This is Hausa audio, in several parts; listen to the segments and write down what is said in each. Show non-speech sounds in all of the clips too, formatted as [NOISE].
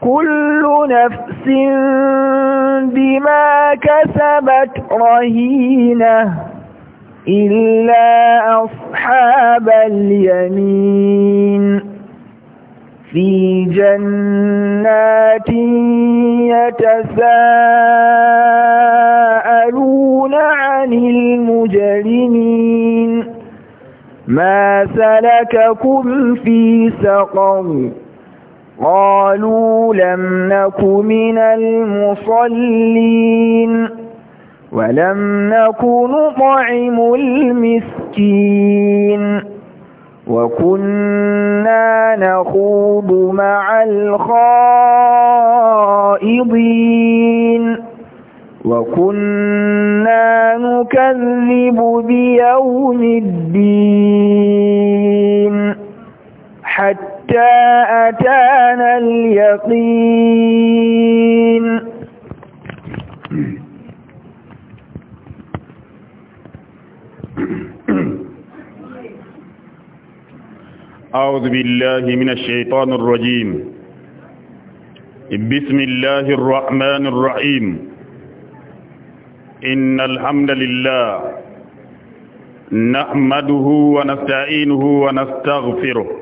كل نفس بما كسبت رهينة إلا أصحاب اليمين في جنات يتساءلون عن المجرمين ما سلككم في سقر قالوا لم نك من المصلين ولم نك نطعم المسكين وكنا نخوض مع الخائضين وكنا نكذب بيوم الدين حتى أتانا اليقين أعوذ بالله من الشيطان الرجيم بسم الله الرحمن الرحيم إن الحمد لله نحمده ونستعينه ونستغفره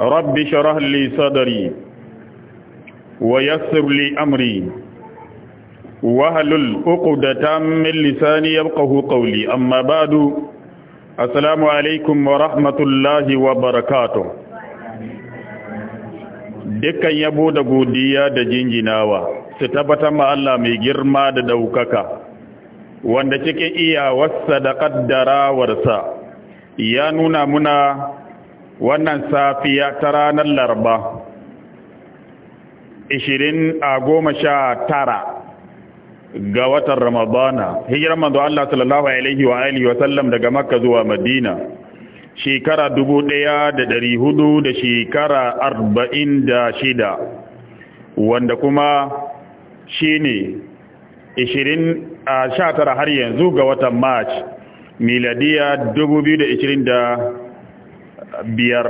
rabbi shirah li sadari wa yassir li amri wahalul uqdatan min lisani yabqahu qawli amma ba'du assalamu alaykum wa rahmatullahi wa barakatuh dekan yabo da godiya da jinjinawa su tabbata ma Allah mai girma da daukaka wanda cikin iya wasa da kaddarawarsa ya nuna muna wannan safiya ta ranar Larba, ishirin a goma sha tara ga watan ramadana hijiran manzo Allah sallallahu alaihi wa alihi wa sallam daga makka zuwa madina shekara dubu ɗaya da dari hudu da shekara arba'in da shida wanda kuma shi ne ishirin a sha tara har yanzu ga watan march miladiya dubu biyu da ishirin da biyar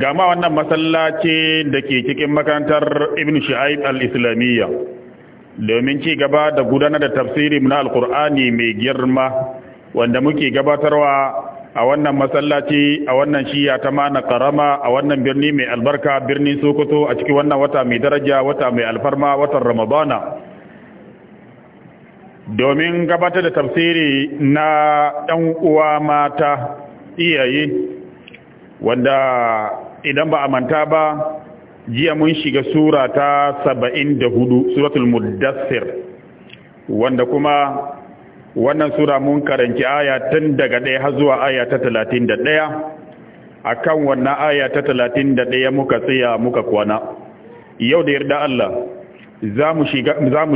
gama wannan masallaci da ke cikin makarantar ibn shu'aib al-islamiyya domin ci gaba da gudanar da tafsiri na alkur'ani mai girma wanda muke gabatarwa a wannan masallaci a wannan shiya ta mana karama a wannan birni mai albarka birnin sokoto a cikin wannan wata mai daraja wata mai alfarma watan ramadana domin gabatar da tafsiri na ɗan uwa mata iyaye wanda idan ba a manta ba jiya mun shiga sura ta saba'in da hudu suratul muddassir wanda kuma wannan sura mun karanci aya tun daga ɗaya har zuwa aya ta talatin da ɗaya a kan wannan aya ta talatin da ɗaya muka tsaya muka kwana yau da yarda Allah za mu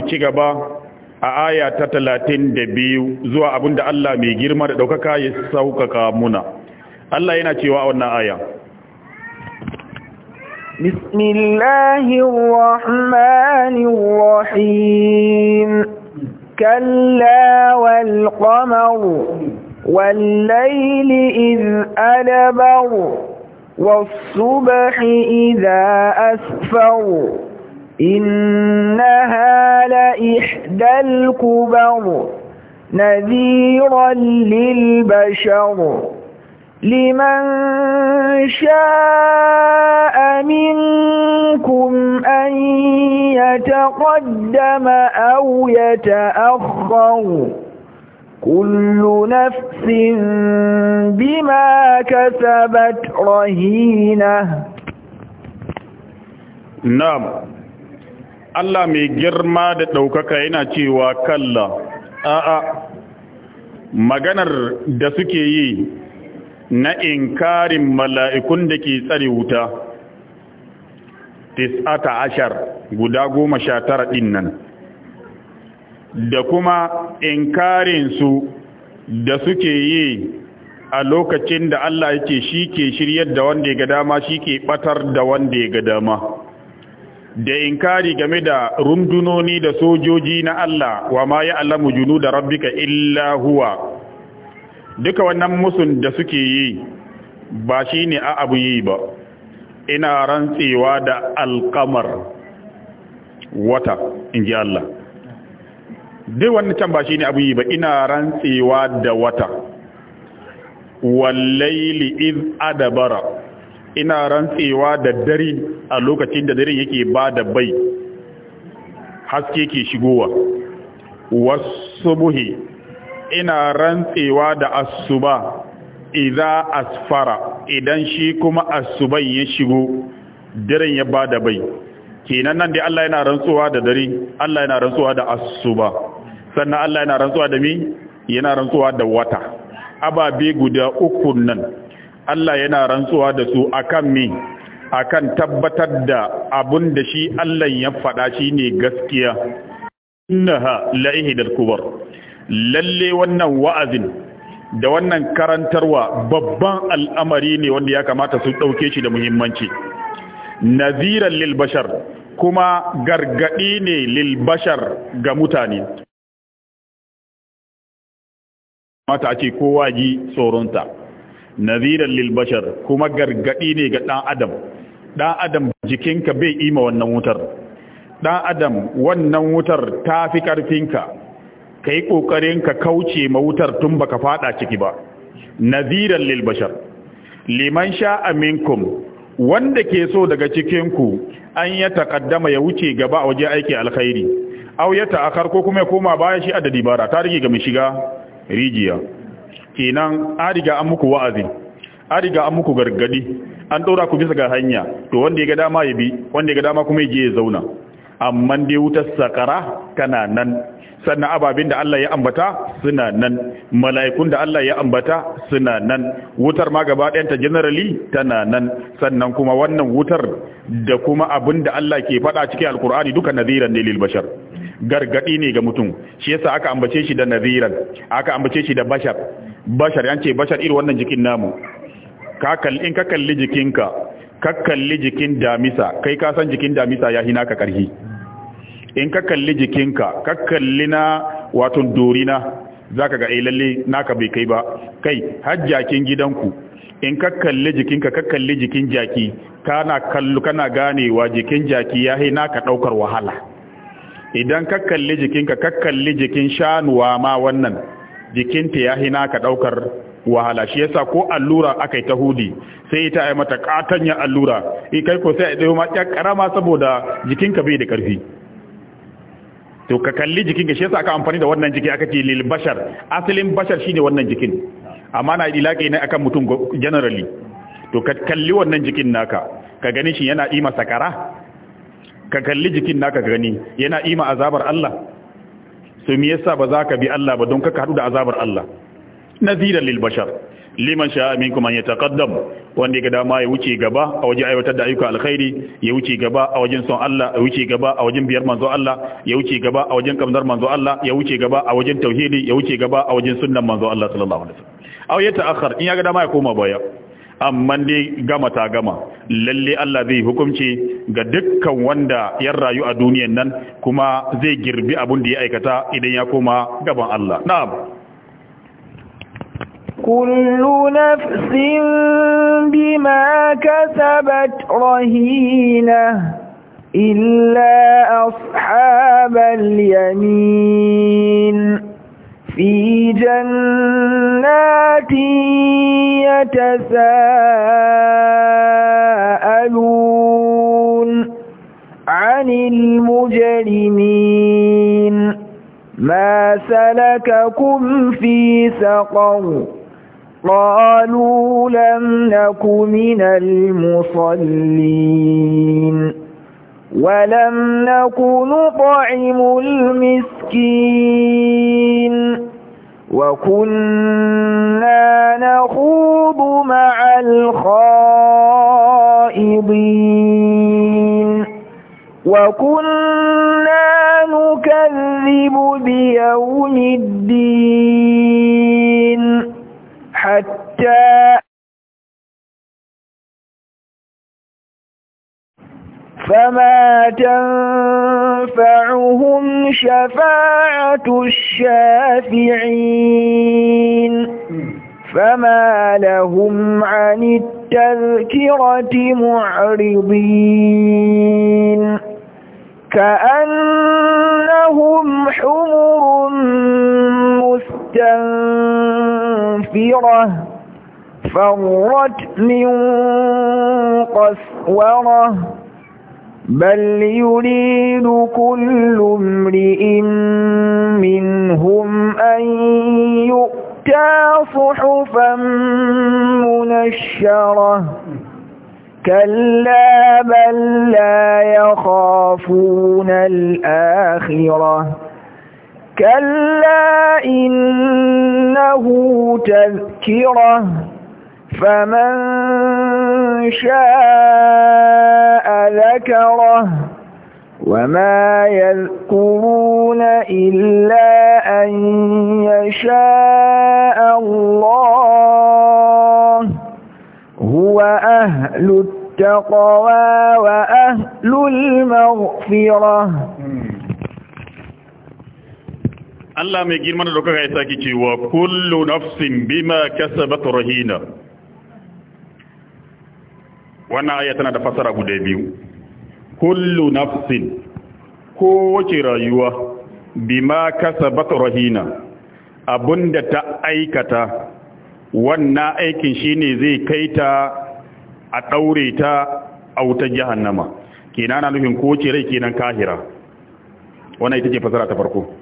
ci gaba a aya ta talatin da biyu zuwa abinda Allah mai girma da ɗaukaka ya sauƙaƙa muna Allah yana cewa a wannan aya Bismillahirrahmanirrahim Kalla wal qamar wal layli iz adbar was subhi idha asfar إنها لإحدى الكبر نذيرا للبشر لمن شاء منكم أن يتقدم أو يتأخر كل نفس بما كسبت رهينة نعم Allah mai girma da ɗaukaka yana cewa kalla a'a maganar da suke yi na inkarin mala'ikun da ke tsare wuta tis'ata ashar guda goma sha tara ɗin nan da kuma inkarinsu da suke yi a lokacin da Allah yake shi ke shiryar da wanda ya ga dama shi ke ɓatar da wanda ya ga dama da inkari game da rundunoni da sojoji na Allah wa ma ya alamu junu da rabbika illa huwa duka wannan musun da suke yi ba shi ne a abu yi ba ina rantsewa da alkamar wata in ji Allah duk wannan can ba shi ne abu yi ba ina rantsewa da wata wallaili iz adabara ina rantsewa da dare a lokacin da dare yake ba da bai haske ke shigowa wasu buhi ina rantsewa da asuba idza asfara idan shi kuma asuban ya shigo daren ya bada bai kenan nan dai Allah yana rantsuwa da dare Allah yana rantsuwa da asuba sannan Allah yana rantsuwa da mi yana rantsuwa da wata ababe guda uku nan Allah yana rantsuwa da su akan mi akan tabbatar da abun da shi Allah ya faɗa shine gaskiya innaha la'ihi dal kubur lalle wannan wa'azin da wannan karantarwa babban al'amari ne wanda ya kamata su ɗauke shi da muhimmanci naziran lilbashar kuma gargaɗi ne lilbashar ga mutane mata ake kowa ji tsoronta naziran lilbashar kuma gargaɗi ne ga ɗan adam ɗan adam jikinka bai ima wannan wutar ɗan adam wannan wutar ta fi ƙarfinka ka yi ƙoƙarin ka kauce mawutar wutar tun baka fada ciki ba naziran lil bashar liman sha'a minkum wanda ke so daga cikinku an ya taƙaddama ya wuce gaba a waje aiki alkhairi au ya ta'akar ko kuma ya koma baya shi a da dibara ta rige ga mai shiga rijiya kenan an riga an muku wa'azi an riga an muku gargadi an ɗaura ku bisa ga hanya to wanda ya ga dama ya bi wanda ya ga dama kuma ya je ya zauna amma dai wutar sakara tana nan sannan ababin da Allah ya ambata suna nan mala'ikun da Allah ya ambata suna nan wutar ma gaba ɗayanta generally tana nan sannan kuma wannan wutar da kuma abin da Allah ke faɗa cikin alkur'ani duka naziran ne lil bashar ne ga mutum shi yasa aka ambace shi da naziran aka ambace shi da bashar bashar yan ce bashar irin wannan jikin namu ka in ka kalli jikinka ka kalli jikin damisa kai ka san jikin damisa ya hina ka karhi in ka kalli jikinka ka kalli na wato dorina ka ga eh lalle naka bai kai ba kai har jakin gidanku in ka kalli jikinka ka kalli jikin jaki kana kallu kana ganewa jikin jaki ya na naka daukar wahala idan ka kalli jikinka ka kalli jikin shanuwa ma wannan jikinta yahi naka daukar wahala shi yasa ko allura akai ta hudi sai ita ai mata katanya allura eh, kai ko sai a dawo ma ƙarama saboda jikinka bai da karfi to ka kalli jikin ka shi yasa aka amfani da wannan jiki aka ce lil bashar asalin bashar shine wannan jikin amma na ilaƙi ne akan mutum generally to ka kalli wannan jikin naka ka gani shi yana ima sakara ka kalli jikin naka gani yana ima azabar Allah so me yasa ba za ka bi Allah ba don ka hadu da azabar Allah nazira lil bashar liman sha'a minkum an yataqaddam wanda ga dama ya wuce gaba a wajen aiwatar da ayyukan alkhairi ya wuce gaba a wajen son Allah ya wuce gaba a wajen biyar manzo Allah ya wuce gaba a wajen kamdar manzo Allah ya wuce gaba a wajen tauhidi ya wuce gaba a wajen sunnan manzo Allah sallallahu alaihi wasallam aw in ya ga dama ya koma baya amma dai gama ta gama lalle Allah zai hukunci ga dukkan wanda ya rayu a duniyan nan kuma zai girbi abin da ya aikata idan ya koma gaban Allah na'am كل نفس بما كسبت رهينة إلا أصحاب اليمين في جنات يتساءلون عن المجرمين ما سلككم في سقر قالوا لم نك من المصلين ولم نك نطعم المسكين وكنا نخوض مع الخائضين وكنا نكذب بيوم الدين حتى فما تنفعهم شفاعة الشافعين فما لهم عن التذكرة معرضين كأنهم حمر مستنفرين مغفرة فرت من قسورة بل يريد كل امرئ منهم أن يؤتى صحفا منشرة كلا بل لا يخافون الآخرة كلا إنه تذكرة فمن شاء ذكره وما يذكرون إلا أن يشاء الله هو أهل التقوى وأهل المغفرة Allah mai girman da dokar ya saki cewa kullu nafsin bima kasabat rahina wannan aya tana da fasara guda biyu kullu nafsin ko wace rayuwa bima kasabat rahina abunda ta aikata wannan aikin shine zai kai ta a daure ta a wuta jahannama kenan ana nufin wace rai kenan kahira wannan ita ce fasara ta farko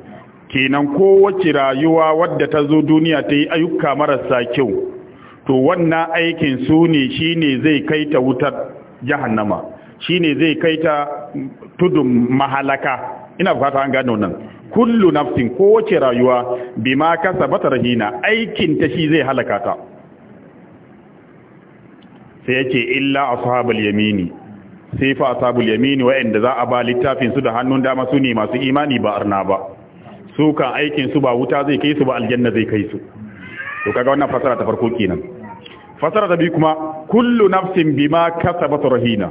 kenan kowace rayuwa wadda ta zo duniya ta yi ayyuka marasa kyau to wannan aikin su ne shi ne zai kai ta wutar jahannama shi ne zai kai ta tudun mahalaka ina fata an gano nan kullu nafsin kowace rayuwa bima kasabata rahina aikin ta shi zai halaka ta sai yake illa ashabul yamini sai fa ashabul yamini wa'anda za a ba littafin su da hannun dama su ne masu imani ba arna ba su ka aikin su ba wuta zai kai su ba aljanna zai kai su to kaga wannan fasara ta farko kenan fasara ta biyu kuma kullu nafsin bima kasabat rahina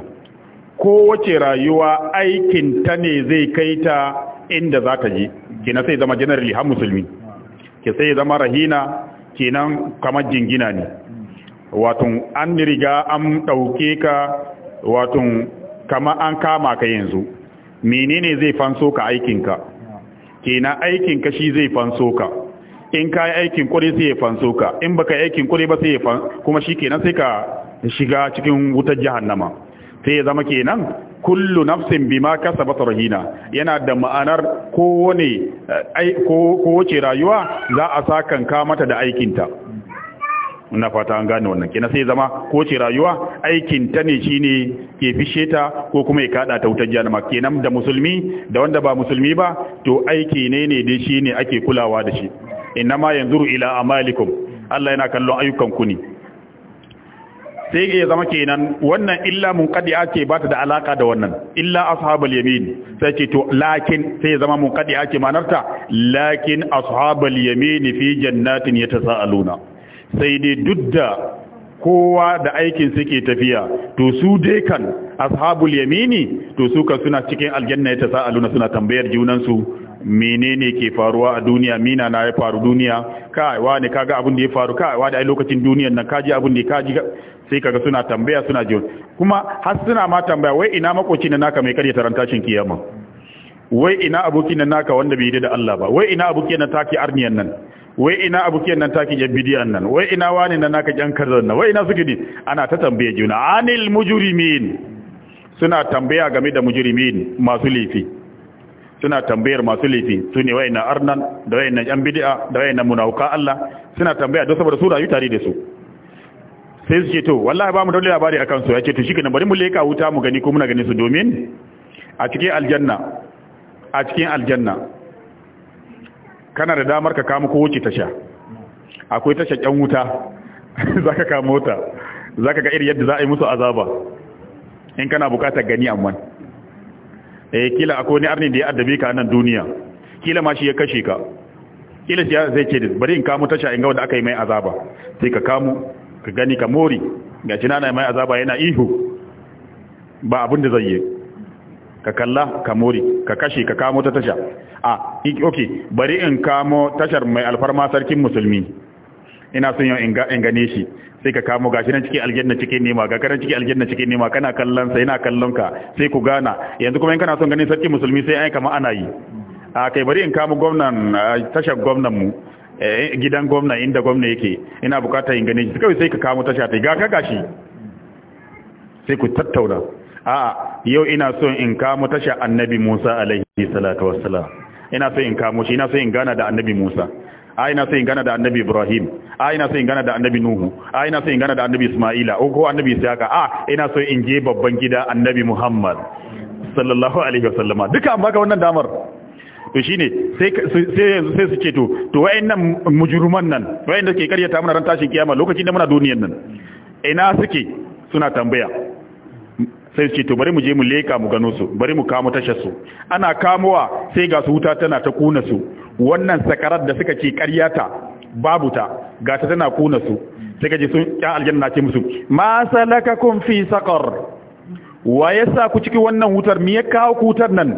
Ko wace rayuwa aikin ta ne zai kai ta inda za ta je kenan sai zama generally har musulmi ke sai zama rahina kenan kamar jingina ne wato an riga an dauke ka wato kama an kama ka yanzu menene zai fanso ka aikinka kenan aikin kashi zai fanso ka in ka yi aikin kuri sai ya fanso ka in baka yi aikin kuri ba sai ya kuma shi kenan sai ka shiga cikin wutar jahannama sai ya zama kenan kullu nafsin bima kasabat rahina yana da ma'anar kowane eh, ko wace rayuwa za a sa ka mata da aikin ta muna fata an gane wannan kina sai zama ko ce rayuwa aikin ta ne shine ke fishe ta ko kuma ya kada ta wutar jahannama kenan da musulmi da wanda ba musulmi ba to aiki ne ne dai shine ake kulawa da shi ma yanzuru ila amalikum Allah yana kallon ayyukan ku ne sai ya zama kenan wannan illa mun munqadi'a ake ba ta da alaka da wannan illa ashabul yamin sai ce to lakin sai ya zama munqadi'a ake manarta lakin ashabul yamin fi jannatin yatasaluna sai dai duk da kowa da aikin suke tafiya to su dai kan ashabul yamini to su kan suna cikin aljanna ta sa'aluna suna tambayar junansu menene ke faruwa a duniya mina na ya faru duniya kai wani kaga abin da ya faru kai wani ai lokacin duniyar nan kaji abin da kaji sai kaga suna tambaya suna ji. kuma har suna ma tambaya wai ina makoci na naka mai karya tarantashin kiyama wai ina abokin na naka wanda bai yi da Allah ba wai ina abokin na taki arniyan nan wai ina abu nan taki yan bidiyan nan wai ina wani nan naka yan karzan nan wai ina suke ne ana ta tambaye juna anil mujrimin suna tambaya game da mujrimin masu laifi suna tambayar masu laifi su ne na arnan da na yan bidi'a da na munawuka Allah suna tambaya don saboda su rayu tare da su sai su ce to wallahi ba mu da labari akan su ya ce to shikenan bari mu leka wuta mu gani ko muna gani su domin a cikin aljanna a cikin aljanna kana da damar ka kama ko wuce tasha akwai tasha ƴan wuta [LAUGHS] za ka kama wuta za ka ga iri yadda za a yi musu azaba in kana bukatar gani amman eh kila akwai ni arni da ya addabi ka nan duniya kila ma shi ya kashe ka kila shi zai ce bari in kamo tasha in ga wanda aka yi mai azaba sai ka kamo ka gani ka mori ga shi mai azaba yana ihu ba abin da zai yi ka kalla ka mori ka kashe ka kamo ta tasha a ok bari in kamo tashar mai alfarma sarkin musulmi ina son yau in gane shi sai ka kamo gashi nan cikin aljanna cikin nema ga karan cikin aljanna cikin nema kana kallon sa yana kallon ka sai ku gana yanzu kuma in kana son ganin sarkin musulmi sai ai kama ana yi a kai bari in kamo gwamnan tashar gwamnan mu eh, gidan gwamna inda gwamna yake ina bukatar in gane shi kawai sai ka kamo tasha ta ga ka gashi sai ku tattauna a'a yau ina so in kamo tasha annabi Musa alaihi salatu wassalam ina so in kamo shi ina so in gana da annabi Musa a ina so in gana da annabi Ibrahim a ina so in gana da annabi Nuhu a ina so in gana da annabi Isma'ila ko annabi Isaka a ina so in je babban gida annabi Muhammad sallallahu alaihi wasallama duka an baka wannan damar to shine sai yanzu sai su ce to to nan mujruman nan wayanda ke karyata mana ran tashin kiyama lokacin da muna duniyar nan ina suke suna tambaya sai su ce to bari mu je mu leka mu gano su bari mu kamo tashar su ana kamowa sai ga su wuta tana ta kuna su wannan sakarar da suka ce ƙarya ta babu ta ga ta tana kuna su sai kaje sun ƴan aljanna ce musu ma salakakum fi saqar wa yasa ku ciki wannan wutar me ya kawo ku wutar nan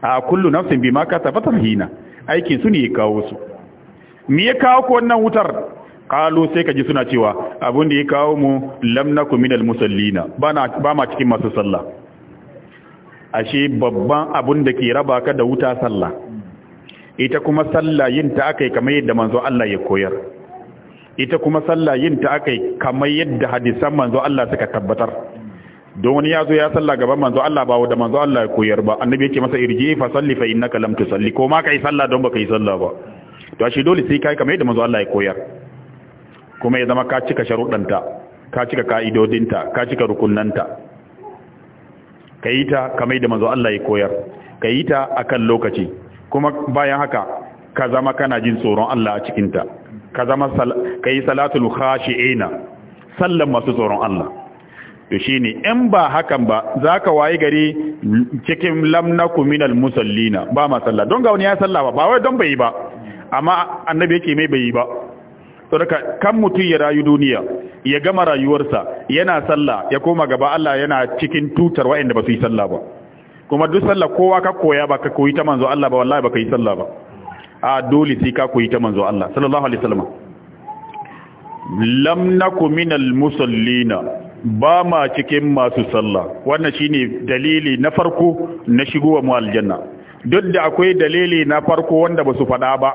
a kullu nafsin bima kasabat hina aikin su ne ya kawo su me ya kawo ku wannan wutar qalu sai ka ji suna cewa abun da ya kawo mu lam nakum minal musallina bana ba ma cikin masu sallah ashe babban abun da ke raba ka da wuta sallah ita kuma sallah yin ta akai kamar yadda manzo Allah ya koyar ita kuma sallah yin ta akai kamar yadda hadisan manzo Allah suka tabbatar don wani ya zo ya salla gaban manzo Allah ba da manzo Allah ya koyar ba annabi yake masa irji fa salli fa innaka lam tusalli ko ma kai salla don baka yi salla ba to ashe dole sai kai kamar yadda manzo Allah ya koyar kuma ya zama ka cika sharuɗanta ka cika ka'idodinta ka cika rukunnanta ka yi ta kamar da manzo Allah ya koyar ka yi ta a kan lokaci kuma bayan haka ka zama kana jin tsoron Allah a cikinta ka zama ka yi salatul khashi'ina sallan masu tsoron Allah to shine in ba hakan ba za ka waye gari cikin lamna nakum minal musallina ba ma sallah don ga wani ya salla ba ba wai don bai ba amma annabi yake mai bai ba saboda kan mutum ya rayu duniya ya gama rayuwarsa yana sallah ya koma gaba Allah yana cikin tutar waɗanda ba su yi sallah ba kuma duk sallah kowa ka koya ba ka koyi ta manzo Allah ba wallahi ba ka yi sallah ba a dole sai ka koyi ta manzo Allah sallallahu alaihi wasallam lam naku minal musallina ba ma cikin masu sallah wannan shine dalili na farko na shigowa mu aljanna duk da akwai dalili na farko wanda ba su fada ba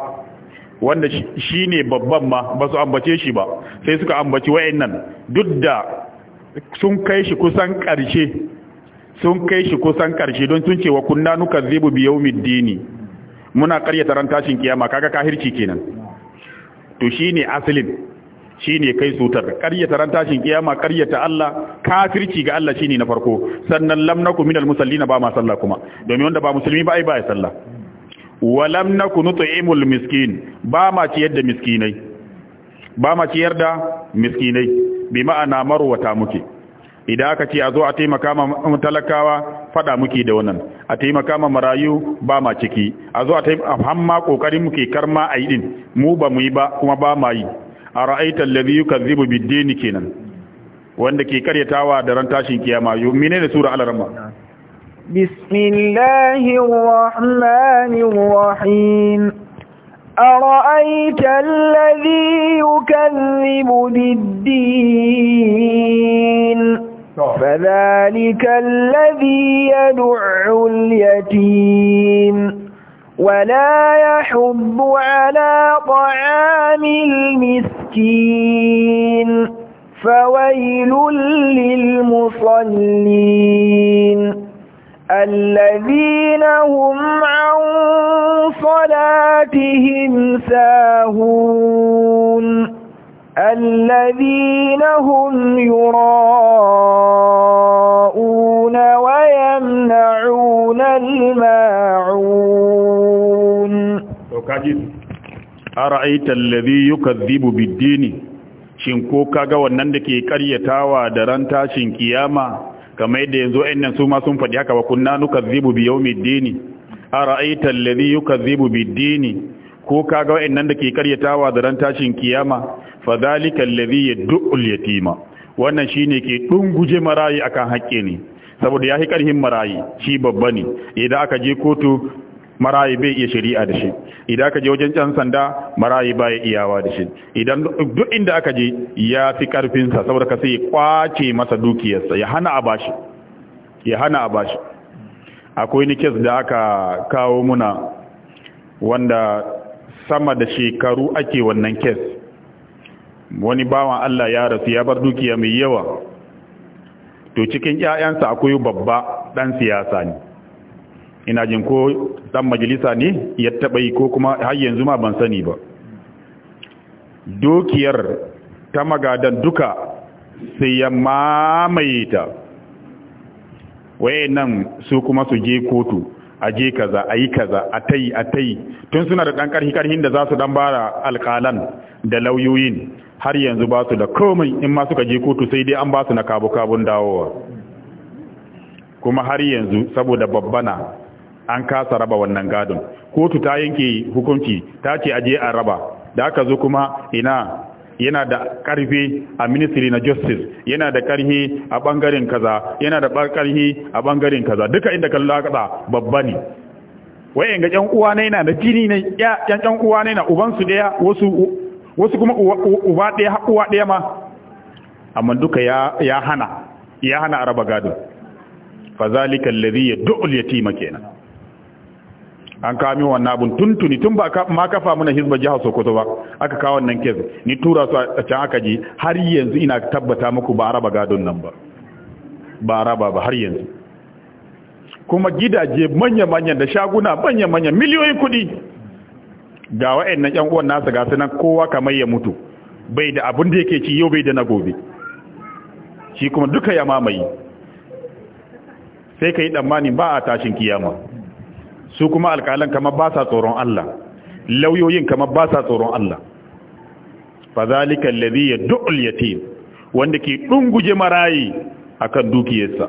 wanda shi ne babban ma ba su ambace shi ba sai suka ambaci wayannan duk da sun kai shi kusan ƙarshe sun kai shi kusan ƙarshe don sun ce wa kunna nuka zebu bi dini muna ƙaryata ran tashin kiyama kaga kahirci kenan to shine asalin shine kai sutar ƙaryata ran tashin kiyama ƙaryata Allah kafirci ga Allah shine na farko sannan lam nakum minal musallina ba ma sallah kuma domin wanda ba musulmi ba ai ba ya sallah walam na kunu imul miskin ba ma ciyar da miskinai ba ma ciyar da miskinai bi ma'ana marwata muke idan aka ce a zo a taimaka ma talakawa fada muke da wannan a taimaka ma marayu ba ma ciki a zo a taimaka hamma kokarin muke karma a din mu ba mu yi ba kuma ba ma yi a ra'aita allazi yukazzibu bid-din kenan wanda ke karyatawa da ran tashin kiyama yo da sura al بسم الله الرحمن الرحيم أرأيت الذي يكذب بالدين فذلك الذي يدع اليتيم ولا يحب على طعام المسكين فويل للمصلين الذين هم عن صلاتهم ساهون الذين هم يراءون ويمنعون الماعون أرأيت الذي يكذب بالدين شنكوكا ونندكي كريتاوى درانتا شنكياما kamar yadda yanzu nan su ma sun faɗi haka wa kunna nuka zibu bi yi yuka zibu bi dini ko kaga nan da ke karyatawa da ran tashin kiyama fa zalika alladhi yad'ul yatima wannan shine ke guje marayi akan haƙƙe ne saboda yahi karhin marayi shi babba ne idan aka je kotu marayi bai iya shari'a da shi idan aka je wajen can sanda marayi bai iyawa da shi idan duk inda aka je ya fi karfinsa saboda ka sai ya kwace masa dukiyarsa ya hana a bashi ya hana a bashi akwai ni kes da aka kawo muna wanda sama da shekaru ake wannan kes wani bawan Allah ya rasu ya bar dukiya mai yawa to cikin ƴaƴansa akwai babba dan siyasa ne ina jin ko dan majalisa ne ya taba yi ko kuma har yanzu ma ban sani ba Dokiyar ta magadan duka sai ya mamaye ta wayannan su kuma su je kotu a je kaza a yi kaza a tai a tai tun suna da ɗan ƙarfi ƙarfin da za su ɗan bara alƙalan da lauyoyin har yanzu ba su da komai in ma suka je kotu sai dai an ba su na kabu kabun dawowa kuma har yanzu saboda babbana an kasa raba wannan gadon kotu ta yanke hukunci ta ce aje a raba da aka zo kuma ina yana da karfi a ministry na justice yana da karfi a bangaren kaza yana da karfi a bangaren kaza duka inda kallo aka babba ne wayan ga yan uwa ne na da jini ne ya yan uwa ne na uban su daya wasu wasu kuma uba daya uwa daya ma amma duka ya ya hana ya hana araba gado fazalika alladhi yad'u al-yatima kenan an kawo min wannan abun tuntuni tun ba ma kafa muna hizba jihar sokoto ba aka kawo wannan kes ni tura su a can aka je. har yanzu ina tabbata muku ba raba gadon nan ba ba raba ba har yanzu kuma gidaje manya-manyan da shaguna manya-manyan miliyoyin kudi ga wa'annan yan uwan nasa ga sunan kowa kamar ya mutu bai da abin da yake ci yau bai da na gobe shi kuma duka ya mamaye sai ka yi tsammanin ba a tashin kiyama su kuma alƙalan kamar ba sa tsoron Allah lauyoyin kamar ba sa tsoron Allah fa zalika alladhi yad'u al-yatim wanda ke dunguje marayi akan dukiyarsa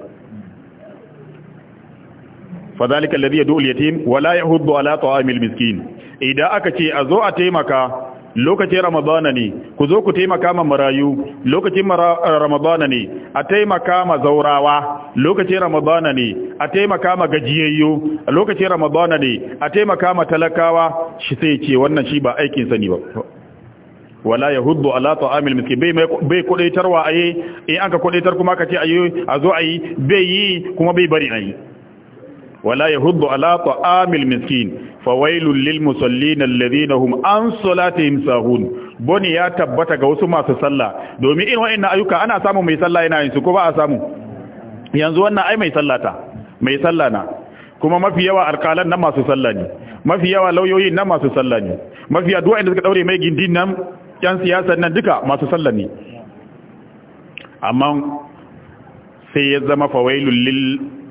fa zalika alladhi yad'u al-yatim wala la yahuddu ala ta'amil miskin idan aka ce a zo a taimaka lokacin ramadana ne ku zo ku taimaka ma marayu lokacin eh, ramadana ne a taimaka ma zaurawa lokacin ramadana ne a taimaka ma gajiyayyo lokacin ramadana ne a taimaka ma talakawa shi sai ce wannan shi ba aikin sani ba wala yahuddu ala ta'amil miski bai bai kudaitarwa aye in anka kudaitar kuma kace aye a zo ayi bai yi kuma bai bari ayi wala yahuddu ala ta'amil miskin fawailul lil musallin alladhina hum an salatihim sahun boni ya tabbata ga wasu masu sallah domin irin wa'annan ayyuka ana samu mai sallah yana yin su ko ba a samu yanzu wannan ai mai sallata mai sallah na kuma mafi yawa alƙalan nan masu sallah ne mafi yawa lauyoyin nan masu sallah ne mafi yawa duwa inda suka daure mai gindin nan yan siyasar nan duka masu sallah ne amma sai ya zama fawailul lil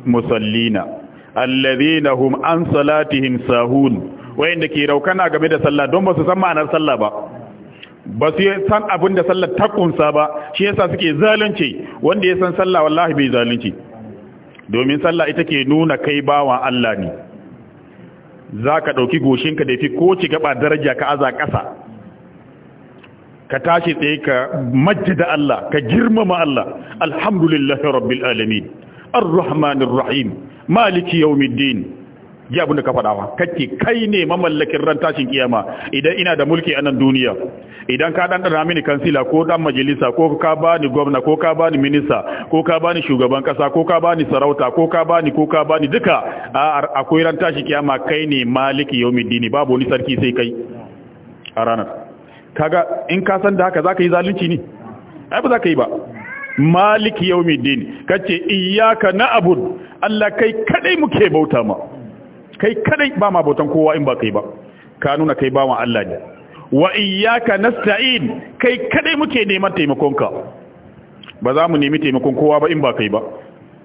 musallina alladhina hum an salatihim sahun wayanda ke raukana game da sallah don ba su san ma'anar sallah ba ba su san abin da sallar ta kunsa ba shi yasa suke zalunci wanda ya san sallah wallahi bai zalunci domin sallah ita ke nuna kai bawa Allah ne zaka dauki goshinka da fi ko ci gaba daraja ka aza kasa ka tashi tsaye ka majjida Allah ka girmama Allah alhamdulillahi rabbil alamin arrahmanir rahim maliki yawmiddin ji abin da ka faɗawa, kake kai ne mamallakin ran tashin kiyama idan ina da mulki a nan duniya idan ka ɗanɗana dana mini kansila ko ɗan majalisa ko ka bani gwamna ko ka bani minista ko ka bani shugaban ƙasa ko ka bani sarauta ko ka bani ko ka ni duka akwai ran tashin kiyama kai ne maliki yawmiddin babu wani sarki sai kai a ranar in ka san da haka ka yi zalunci ne ai ba ka yi ba maliki din kace iyyaka na'bud Allah kai kadai muke bauta ma kai kadai ba ma bautan kowa in ba kai ba ka nuna kai bawan Allah ne wa iyyaka nasta'in kai kadai muke neman taimakon ka, ba za mu nemi taimakon kowa ba in ba kai ba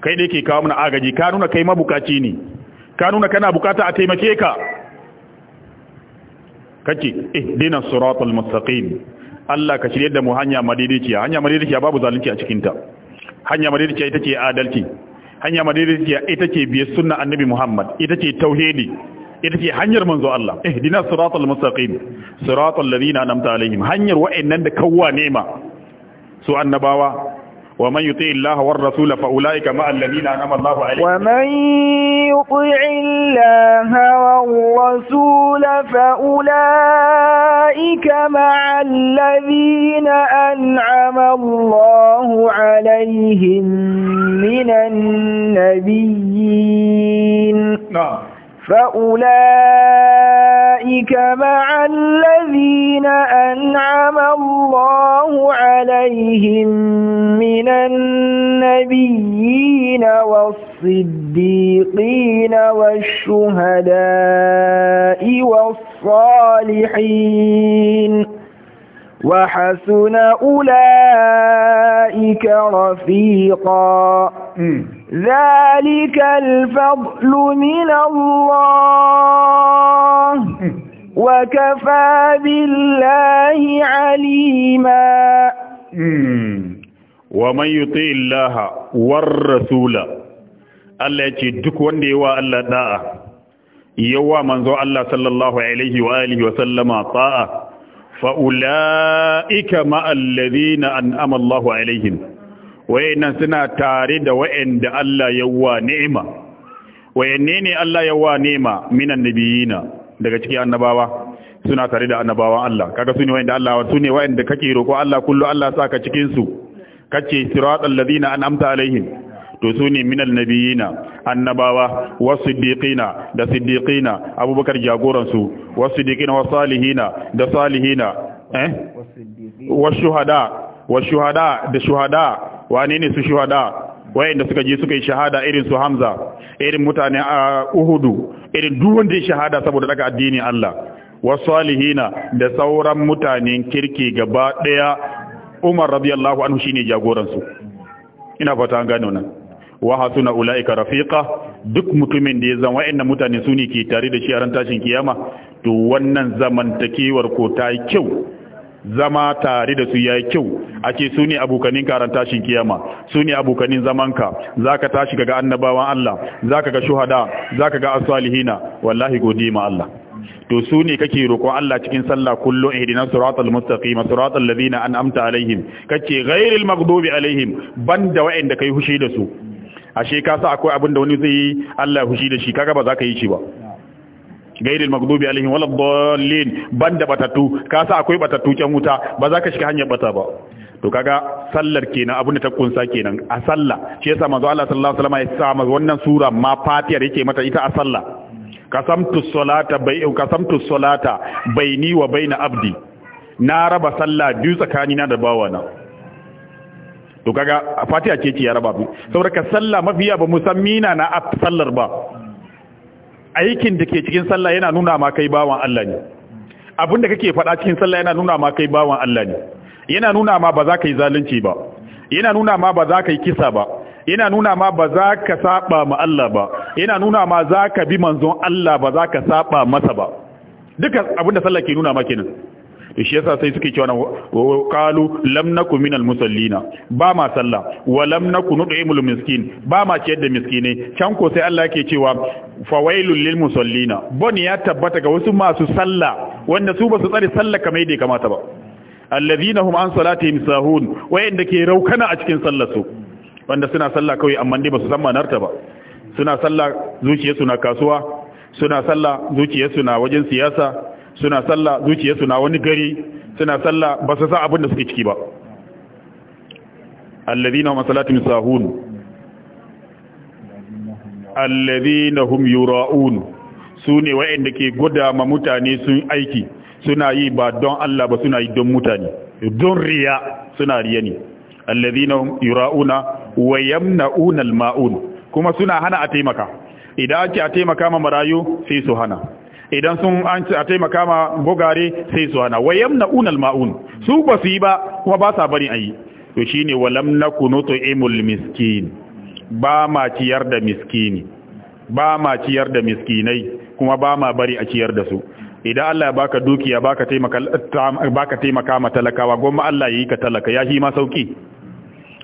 kai da yake kawo mana agaji ka nuna kai mabukaci ne ka nuna kana bukata a taimake ka kace ihdinas siratal mustaqim Allah ka shirye da mu hanya madidiciya hanya madidiciya babu zalunci a cikinta hanya madidiciya ita ce adalci hanya madidiciya ita ce biyar sunna annabi Muhammad ita ce tauhidi ita ce hanyar manzo Allah ihdina siratal mustaqim siratal ladina an'amta alaihim hanyar wa'annan da kawwa nema su annabawa ومن يطيع الله والرسول فأولئك مع الذين أنعم الله عليهم ومن يطيع الله والرسول فأولئك مع الذين أنعم الله عليهم من النبيين نعم فأولئك مع الذين أنعم الله عليهم من النبيين والصديقين والشهداء والصالحين وحسن أولئك رفيقا ذلك الفضل من الله وكفى بالله عليما ومن يطع الله والرسول الله يجي دوك وندي وا الله داء يوا منزو الله صلى الله عليه واله وسلم طاء فاولئك مع الذين أنأم الله عليهم wayannan suna tare da wayanda Allah ya wa ni'ima wayanne ne Allah ya wa ni'ima minan nabiyina daga cikin annabawa suna tare da annabawan Allah kaga sune wayanda Allah sune wayanda kake roko Allah kullu Allah sa ka cikin su kace siratal ladina an'amta alaihim to su ne minal nabiyina annabawa wasu siddiqina da siddiqina abubakar jagoransu wasu siddiqina wasu salihina da salihina eh wasu shuhada wasu shuhada da shuhada wane ne su shuhada wayanda suka je suka yi shahada irin su Hamza irin mutane a Uhudu irin duk ya shahada saboda daga addini Allah wasalihina da sauran mutanen kirki gaba daya Umar radiyallahu anhu shine jagoransu. ina fata an gano nan wa hasuna ulaika rafiqa duk mutumin da ya zama wayannan mutane su ne ke tare da shi a ran tashin kiyama to wannan zamantakewar ko ta yi kyau zama tare da su ya yi kyau a ce su ne abokanin karan tashin kiyama su ne abokanin zamanka za ka tashi ga annabawan Allah za ka ga shuhada za ka ga asalihina wallahi godi ma Allah to su ne kake roƙon Allah cikin sallah kullu ihdinas siratal mustaqim siratal ladina an'amta alaihim kace ghairil maghdubi alaihim banda wa'anda kai hushi da su ashe ka sa akwai abin da wani zai yi Allah hushi da shi kaga ba za ka yi shi ba gairil maghdubi alaihim waladdallin banda batatu ka sa akwai batatu can wuta ba za ka shiga hanyar bata ba to kaga sallar kenan abin da ta kunsa kenan a sallah shi yasa manzo Allah sallallahu alaihi wasallam ya sa manzo wannan sura ma fatiha yake mata ita a sallah kasamtu salata bai kasamtu salata baini wa baina abdi na raba sallah biyu tsakanina da bawana to kaga fatiha ce ce ya raba bi saboda ka sallah mafiya ba musammina na sallar ba aikin da ke cikin sallah yana nuna ma kai bawan Allah ne abin da kake faɗa cikin sallah yana nuna ma kai bawan Allah ne yana nuna ma ba za ka yi zalunci ba yana nuna ma ba za ka yi kisa ba yana nuna ma ba za ka saba ma Allah ba yana nuna ma za ka bi manzon Allah ba za ka saba masa ba duka abin da sallah ke nuna ma kenan to shi yasa sai suke cewa qalu lam nakum minal musallina ba ma sallah wa lam nakum nud'imul miskin ba ma ciyar da miskine can ko sai Allah yake cewa fawailul lil musallina Bon ya tabbata ga wasu masu sallah wanda su ba su tsare salla kamar yadda kamata ba Alladhina hum an salatihim sahun wayanda ke raukana a cikin sallar su wanda suna sallah kawai amma ne ba su san manarta ba suna sallah zuciyarsu na kasuwa suna sallah zuciyarsu na wajen siyasa suna sallah zuciya na wani gari suna sallah ba su sa abin da suke ciki ba alladhina hum salatin sahun alladhina hum yura'un sune wayanda ke goda ma mutane sun aiki suna yi ba don Allah ba suna yi don mutane don riya suna riya ne alladhina hum yura'una wa yamna'una al-ma'un kuma suna hana a taimaka idan ake a taimaka ma marayu sai su hana idan sun an a taimaka ma gogare sai su hana wa yamna'un unal maun su ba su yi ba kuma ba sa bari yi. to shine walam nakunu imul miskin ba ma ciyar da miskini ba ma ciyar da miskinai kuma ba ma bari a ciyar da su idan Allah ya baka dukiya baka taimaka baka taimaka ma talakawa gomma Allah yayi ka talaka ya shi ma sauki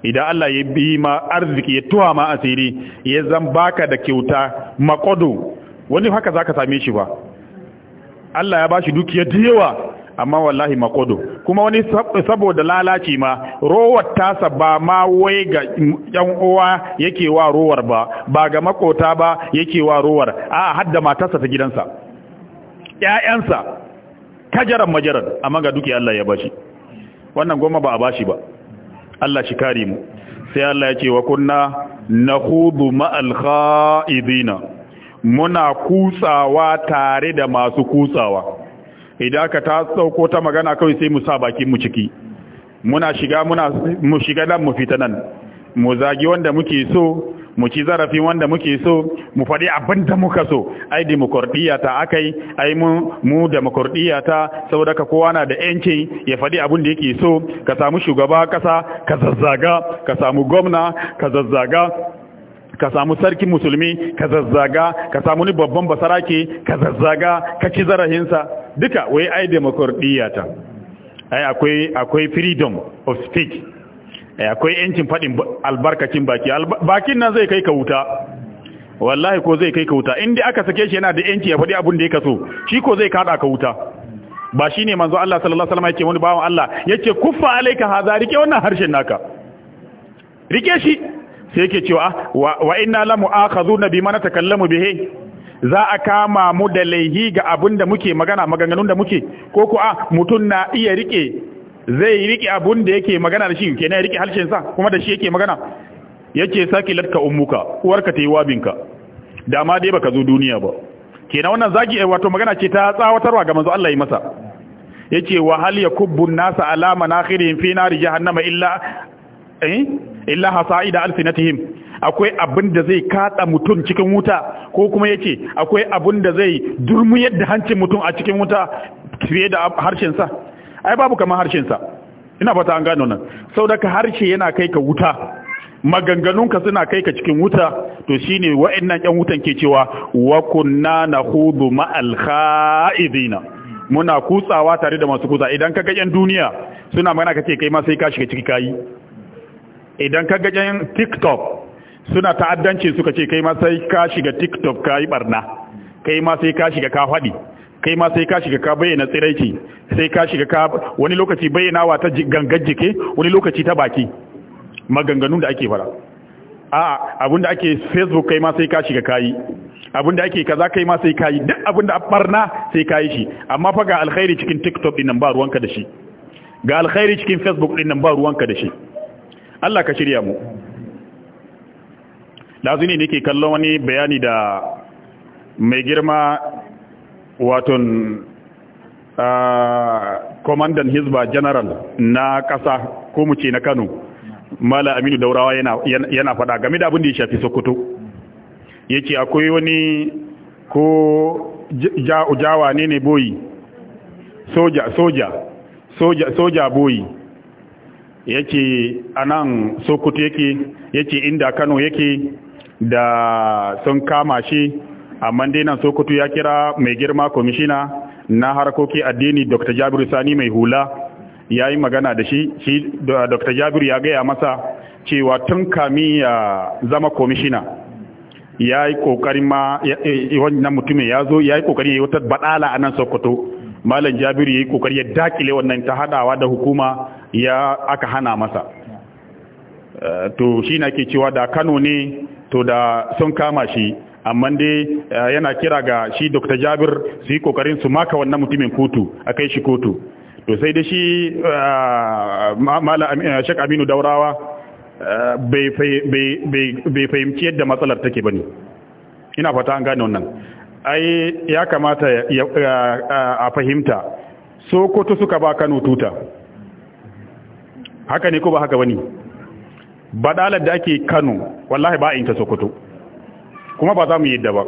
idan Allah ya bi ma arziki ya tuwa ma asiri ya zan baka da kyauta makodo wani haka zaka same shi ba Allah ya bashi dukiya da yawa amma wallahi makodo kuma wani saboda lalaci ma rowar tasa ba ma wai ga yan uwa yake wa rowar ba ba ga makota ba yake wa rowar a hadda matarsa ta gidansa ƴaƴansa kajaran majaran amma ga dukiya Allah ya bashi wannan goma ba a bashi ba Allah shi kare mu sai Allah ya ce wa kunna nakhudu ma'al kha'idina muna kutsawa tare da masu kutsawa idan ka ta sauko ta magana kawai sai mu sa bakin mu ciki muna shiga muna mu shiga nan mu fita nan mu zagi wanda muke so mu ci zarafin wanda muke so mu faɗi abin da muka so ai demokradiyya ta akai ai mu mu demokradiyya ta saboda ka kowa na da yanci ya faɗi abin da yake so ka samu shugaba kasa ka zazzaga ka samu gwamna ka zazzaga ka samu sarkin musulmi ka zazzaga ka samu ni babban basarake ka zazzaga ka ci zarahinsa duka wai ai demokradiyya ta ai akwai akwai freedom of speech ai akwai yancin fadin albarkacin baki bakin nan zai kai ka wuta wallahi ko zai kai ka wuta in dai aka sake shi yana da yanci ya faɗi abin da ya kaso shi ko zai kada ka wuta ba shine manzo Allah sallallahu alaihi wasallam yake wani bawan Allah yace kuffa alayka hadha rike wannan harshen naka rike shi sai yake cewa ah, wa inna akhadhu nabi bima takallamu bihi za a kama mu da laihi ga abun da muke magana maganganun da muke ko ko a ah, mutun na iya rike zai rike abun da yake magana da shi kenan ya rike harshen sa kuma da shi yake magana yace saki latka ummuka uwarka tayi wabinka da ma dai baka zo duniya ba kenan wannan zagi eh, wato magana ce ta tsawatarwa ga manzo Allah yi masa yace wa hal yakubbu nasa ala manakhirin fi nari jahannama illa eh illa hasa'ida alsinatihim akwai abin da zai katsa mutum cikin wuta ko kuma yace akwai abin da zai durmuyar da hancin mutum a cikin wuta fiye da harshen sa ai babu kamar harshen sa ina fata an gano nan saboda harshe yana kai ka wuta maganganunka suna kai ka cikin wuta to shine wa'annan yan wutan ke cewa wa kunna nahudu ma'al kha'idina muna kutsawa tare da masu kutsa idan ka ga yan duniya suna magana kace kai ma sai ka shiga ciki kai idan ka gajen tiktok suna ta'addanci suka ce kai ma sai ka shiga tiktok ka yi barna kai ma sai ka shiga ka faɗi kai ma sai ka shiga ka bayyana tsiraici sai ka shiga ka wani lokaci bayyanawa ta gangar jike wani lokaci ta baki maganganun da ake fara a abun da ake facebook kai ma sai ka shiga ka yi abun da ake kaza kai ma sai ka yi duk abun a barna sai yi shi amma fa ga alkhairi cikin tiktok din nan ba ruwanka da shi ga alkhairi cikin facebook din nan ba ruwanka da shi Allah ka shirya mu ne nake kallon wani bayani da mai girma waton komandan hisba general na kasa ko mu ce na kano mala aminu daurawa yana, yana fada game da abin da ya shafi sokoto ya ce akwai wani ko jawa ne ne boyi soja soja soja soja boyi yake anan sokoto yake yake inda kano yake da sun kama shi amma dai nan sokoto ya kira mai girma kwamishina na harkoki addini dr jabiru sani mai hula ya yi magana da shi shi dr jabiru ya gaya masa cewa tun kami ya zama kwamishina ya yi kokarin ma wannan mutumin ya zo ya yi kokarin ya yi wata badala a nan sokoto malam jabiru ya yi kokari ya dakile wannan ta hadawa da hukuma ya aka hana masa eh, to shi na ke cewa da kano ne to da sun kama shi amma dai eh, yana kira ga shi dr jabir su yi kokarin su maka wannan mutumin kotu a kai shi kotu to sai da shi eh, shek aminu daurawa bai fahimci yadda matsalar take ba ne ina fata an gane wannan ai ya kamata a fahimta so sokoto suka ba kano tuta haka ne ko ba haka bane badalar da ake Kano wallahi ba in ta Sokoto kuma ba za mu yi da ba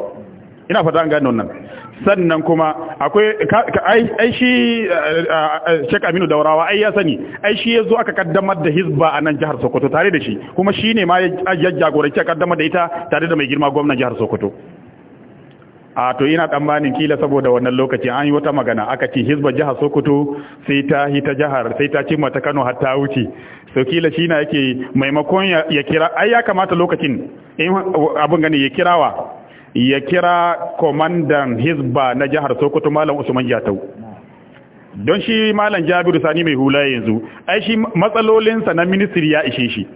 ina fata an gane wannan sannan kuma akwai ai shi eh, eh, eh, Sheikh Aminu Daurawa ai ya sani ai shi zo aka kaddamar da Hizba a nan jihar Sokoto tare da shi kuma shi ne ma ya jagoranci kaddamar da ita tare da mai girma gwamnatin jihar Sokoto a to ina tsammanin kila saboda wannan lokaci an yi wata magana aka ce hizba jihar sokoto sai ta hita jihar sai ta cimma ta kano har ta wuce so kila shi na yake maimakon ya kira ai ya kamata lokacin abin gani ya kirawa ya kira komandan hizba na jihar sokoto malam usman jatau don shi malam jabiru sani mai hula yanzu ai shi matsalolinsa na ministry ya ishe shi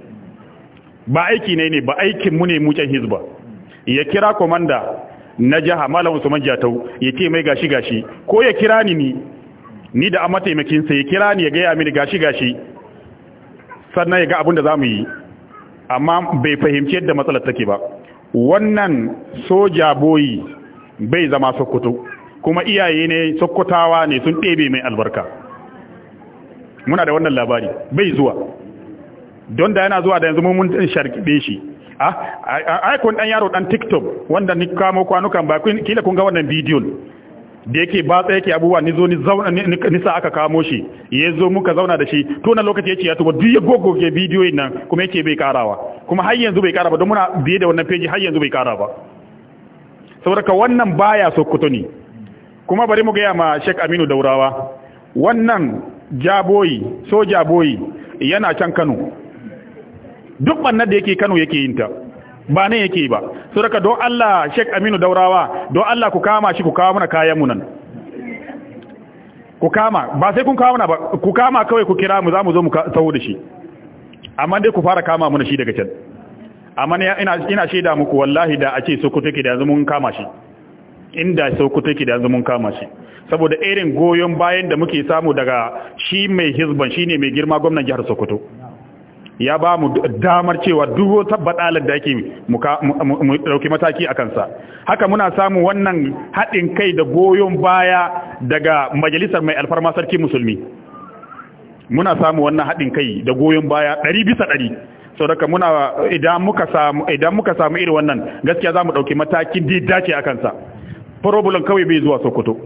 ba aiki ne ne ba aikin ne mucin hizba ya kira komanda na jaha malam usman jatau ya ke mai gashi gashi ko ya kira ni ni ni da mataimakin sa ya kira ni ya gaya mini gashi gashi sannan ya ga abin da za mu yi amma bai fahimci yadda matsalar take ba wannan soja boyi bai zama sokoto kuma iyaye ne sokotawa ne sun ɗebe mai albarka muna da wannan labari bai zuwa don da yana zuwa da yanzu mun sharkiɗe shi ai ah, ah, ah, kun dan yaro dan tiktok wanda ni kamo kwanukan ba kila kun ga wannan bidiyon da yake ba tsaye yake abubuwa ni zo ni zauna ni sa aka kamo shi ya zo muka zauna da shi to na lokaci ce ya tuba duk ya gogoge bidiyoyin nan kuma yake bai karawa kuma har yanzu bai kara ba don muna biye da wannan page har yanzu bai kara ba saboda ka wannan baya sokoto ni kuma bari mu gaya ma shek Aminu Daurawa wannan jaboyi soja boyi yana can Kano duk wannan da yake Kano yake yin ta ba ne yake ba su raka don Allah Sheikh Aminu Daurawa don Allah ku kama shi ku kawo mana kayan mu nan ku kama ba sai kun kawo mana ba ku kama kawai ku kira mu za mu zo mu tawo da shi amma dai ku fara kama mu shi daga can amma ina ina shaida muku wallahi da a ce so ku take da yanzu mun kama shi inda so ku take da yanzu mun kama shi saboda irin goyon bayan da muke samu daga shi mai hizban shine mai girma gwamnatin jihar Sokoto ya ba mu damar cewa duk wata da ake mu dauki mataki a kansa haka muna samu wannan haɗin kai da goyon baya daga majalisar mai alfarma sarki musulmi muna samu wannan haɗin kai da goyon baya ɗari bisa ɗari sau daga muna idan muka samu iri wannan gaskiya za mu ɗauki mataki da dace a kansa problem kawai bai zuwa sokoto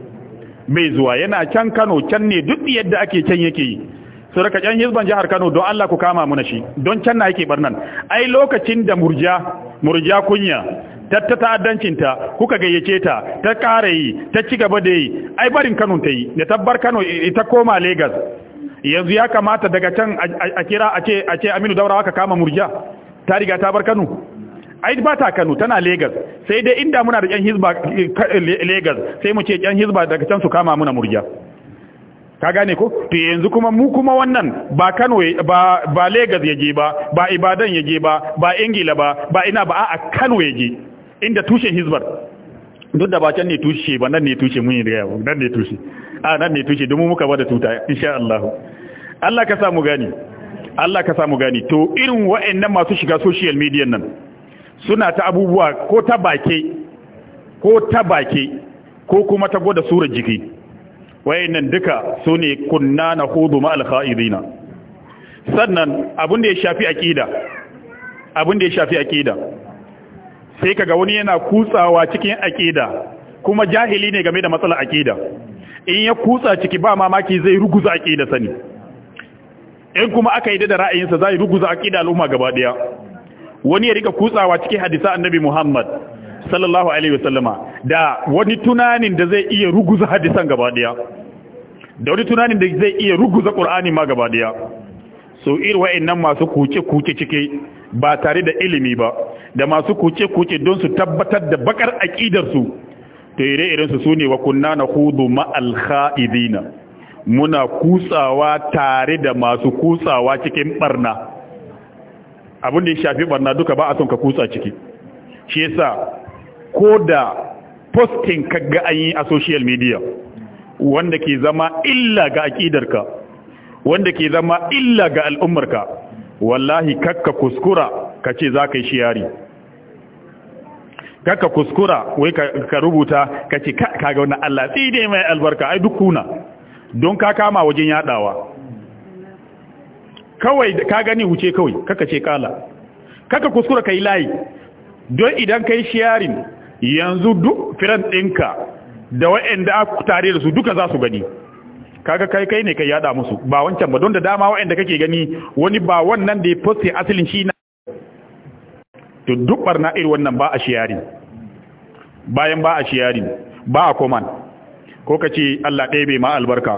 bai zuwa yana can kano can ne duk yadda ake can yake yi su raka ƴan hizban jihar Kano don Allah ku kama muna shi don can na yake barnan ai lokacin da murja murja kunya ta ta ta'addancinta kuka gayyace ta ta ƙara yi ta ci gaba da yi ai barin Kano ta yi da tabbar Kano ita koma Lagos yanzu ya kamata daga can a kira a ce a ce Aminu Daurawa ka kama murja ta riga ta bar Kano ai ba ta Kano tana Lagos sai dai inda muna da ƴan hizba eh, eh, Lagos sai mu ce ƴan hizba daga can su kama muna murja ka gane ko to yanzu kuma mu kuma wannan ba Kano ba ba Lagos yaje ba ba Ibadan yaje ba ba Ingila ba ba ina ba a Kano yaje inda tushen Hizbar duk da ba can ne tushe ba nan ne tushe mun yi da yawo nan ne tushe a nan ne tushe domin muka bada tuta insha Allah Allah ka samu gani Allah ka samu gani to irin wa'annan masu shiga social media nan suna ta abubuwa ko ta bake ko ta bake ko kuma ta goda surar jiki wayannan duka su ne kunna na hudu ma al sannan abun da ya shafi aqida abun da ya shafi aqida sai kaga wani yana kutsawa cikin aqida kuma jahili ne game da matsalar aqida in ya kutsa ciki ba mamaki zai ruguza aqida sani in kuma aka yi da ra'ayinsa zai ruguza aqida al'umma gaba daya wani ya rika kutsawa cikin hadisa annabi Muhammad sallallahu alaihi wasallama da wani tunanin da zai iya ruguza hadisan gaba daya da wani tunanin da zai iya ruguza ƙul'ani ma gaba daya so irin wa'annan masu kuce kuce cike ba tare da ilimi ba da masu kuce kuce don su tabbatar da bakar aƙidarsu su to ire su ne wa kunna na ma al haidina muna kutsawa tare da masu kutsawa cikin barna abin da ya shafi barna duka ba a son ka kutsa ciki shi yasa ko da postin kaga an yi a social media wanda ke zama illa ga aqidarka wanda ke zama illa ga al'ummarka wallahi kakka kuskura kace ka yi shiyari kakka kuskura wai ka rubuta kace kaga wannan Allah tsine mai albarka ai duk kuna don ka kama wajen yadawa kawai ka gani huce kawai kaka ce kala kaka kuskura kai layi don idan kai shiyarin, yanzu duk firan ɗinka da wa'anda aka tare da su duka za su gani kaga kai kai ne kai yada musu ba wancan ba don da dama wa'anda kake gani wani ba wannan da ya poste asalin shi na to duk barna irin wannan ba a shiyari bayan ba a shiyari ba a koman ko ka ce Allah ɗaya bai ma albarka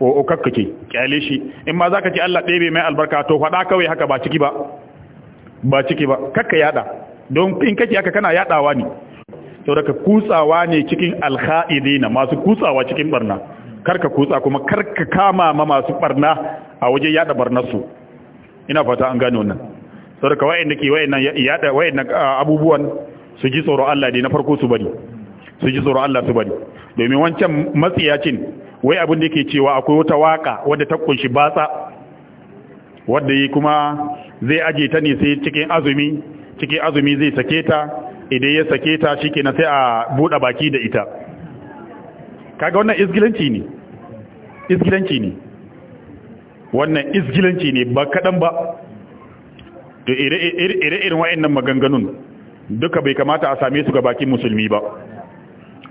o o ce kyale shi in ma zaka ce Allah ɗaya bai mai albarka to faɗa kawai haka ba ciki ba ba ciki ba kakka yada don in kake haka kana yadawa ne sau daga kutsawa ne cikin na masu kutsawa cikin barna karka kutsa kuma karka kama ma masu barna a waje yada barnarsu ina fata an gano nan sau daga da ke wa'inda abubuwan su ji tsoro Allah ne na farko su bari su ji tsoro Allah su bari domin wancan matsiyacin wai abin da ke cewa akwai wata waka wadda ta kunshi batsa wadda yi kuma zai aje ta ne sai cikin azumi cikin azumi zai sake ta idan ya sake ta shi kenan sai a buɗa baki da ita kaga wannan izgilanci ne izgilanci ne wannan izgilanci ne ba kaɗan ba to ire-iren wa'annan maganganun duka bai kamata a same su ga bakin musulmi ba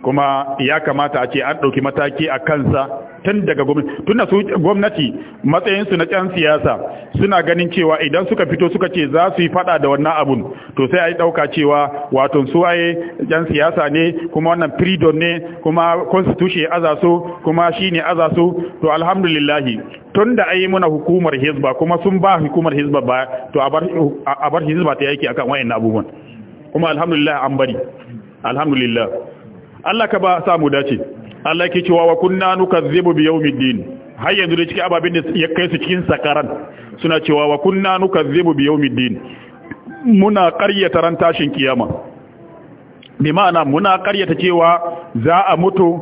kuma ya kamata a ce an ɗauki mataki a kansa tun daga gwamnati tun da su gwamnati matsayinsu na can siyasa suna ganin cewa idan suka fito suka ce za su yi fada da wannan abun to sai a yi ɗauka cewa wato su waye can siyasa ne kuma wannan freedom ne kuma constitution aza su kuma shi ne aza to alhamdulillahi tun da ayi muna hukumar hizba kuma sun ba hukumar hizba ba to a bar hizba ta yake akan wayan abubuwan kuma alhamdulillah an bari alhamdulillah Allah ka ba samu dace Allah ke cewa wa kunna nukazzibu bi din. har yanzu da ciki ababin da ya kai su cikin sakaran suna cewa wa kunna nukazzibu bi din. muna ƙaryata ran tashin kiyama bi ma'ana muna karyata cewa za a mutu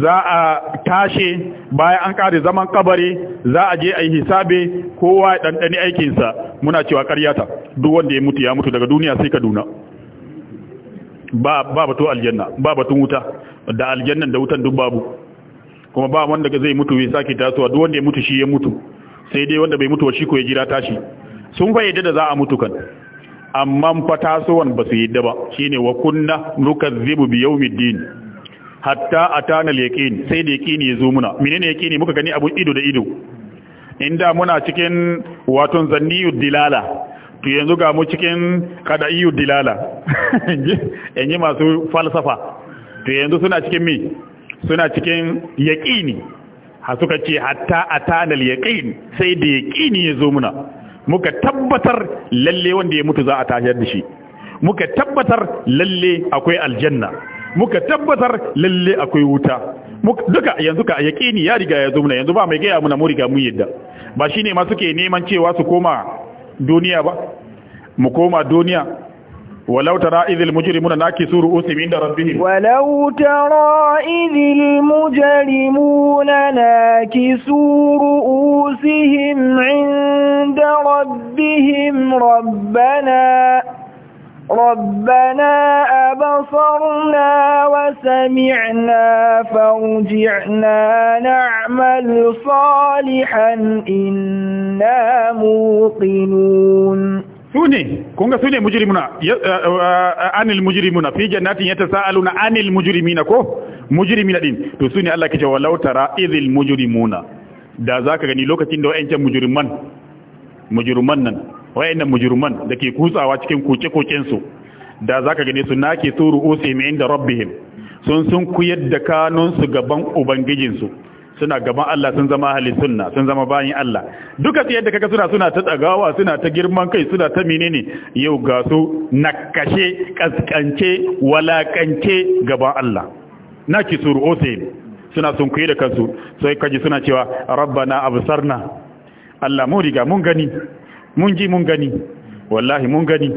za a tashe bayan an kare zaman kabari za a je a yi hisabe kowa ya ɗanɗani aikinsa muna cewa karyata. duk wanda ya mutu ya mutu daga duniya sai kaduna ba aljanna ba batun wuta da aljannan da wutan duk babu kuma ba wanda zai mutu ya sake tasowa duk wanda ya mutu shi ya mutu sai dai wanda bai mutu shi ko ya jira tashi sun fayyada da za a mutu kan amma fa tasowan ba su yadda ba shine wa kunna nukazzibu bi yawmiddin hatta atana al-yaqin sai da yaqini ya zo muna menene yaqini muka gani abu ido da ido inda muna cikin waton zanniyud dilala to yanzu ga mu cikin qada'iyud dilala enyi [LAUGHS] masu falsafa to yanzu suna cikin mi suna cikin yaqini ha suka ce hatta atana al-yaqin sai da yaƙini ya zo muna muka tabbatar lalle wanda ya mutu za a tashar da shi muka tabbatar lalle akwai aljanna muka tabbatar lalle akwai wuta duka yanzu ka yaqini ya riga ya zo muna yanzu ba mai gaya muna mu riga mu yadda ba shine ma suke neman cewa su koma duniya ba mu koma duniya ولو ترى إذ المجرمون ناكسوا رؤوسهم عند ربهم ولو ترى إذ المجرمون ناكسوا رؤوسهم عند ربهم ربنا ربنا أبصرنا وسمعنا فارجعنا نعمل صالحا إنا موقنون sune kun ga su ne anil mujrimuna fi jannatin ya anil mujrimina ko mujrimina din to sune Allah ke cewa tara idhil mujrimuna da za ka gani lokacin da wayancan mujrimman mujrimman nan wayannan mujrimman da ke kutsawa cikin koke su da za ka gani su nake turu usim inda rabbihim sun sun kuyar da kanunsu gaban ubangijinsu suna gaban Allah sun zama ahli sunna sun zama bayin Allah duka su yadda kaga suna suna ta tsagawa suna ta girman kai suna ta menene yau ga su nakashe kaskance walakance gaban Allah naki suru osin suna sun kuyi da kansu sai kaji suna cewa rabbana absarna Allah mun riga mun gani mun ji mun gani wallahi mun gani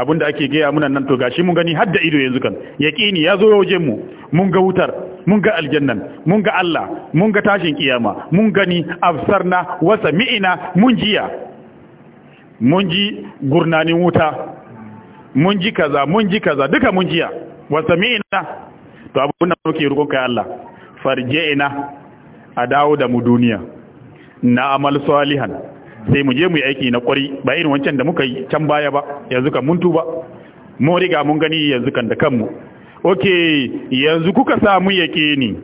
abin da ake gaya muna nan to gashi mun gani hadda ido yanzu kan yaqini ya zo wajen mu mun ga wutar mun ga aljannan mun ga Allah mun ga tashin kiyama mun gani afsarna wa sami'na mun jiya mun ji gurnanin wuta mun ji kaza mun ji kaza duka mun jiya wa sami'na to abun nan muke rukun kai Allah farje'ina a dawo da mu duniya na amal salihan sai mu je mu yi aiki na kwari ba irin wancan da muka yi can baya ba yanzu kan mun tuba mun riga mun gani yanzu kan da kanmu ok yanzu kuka sa samu yake ni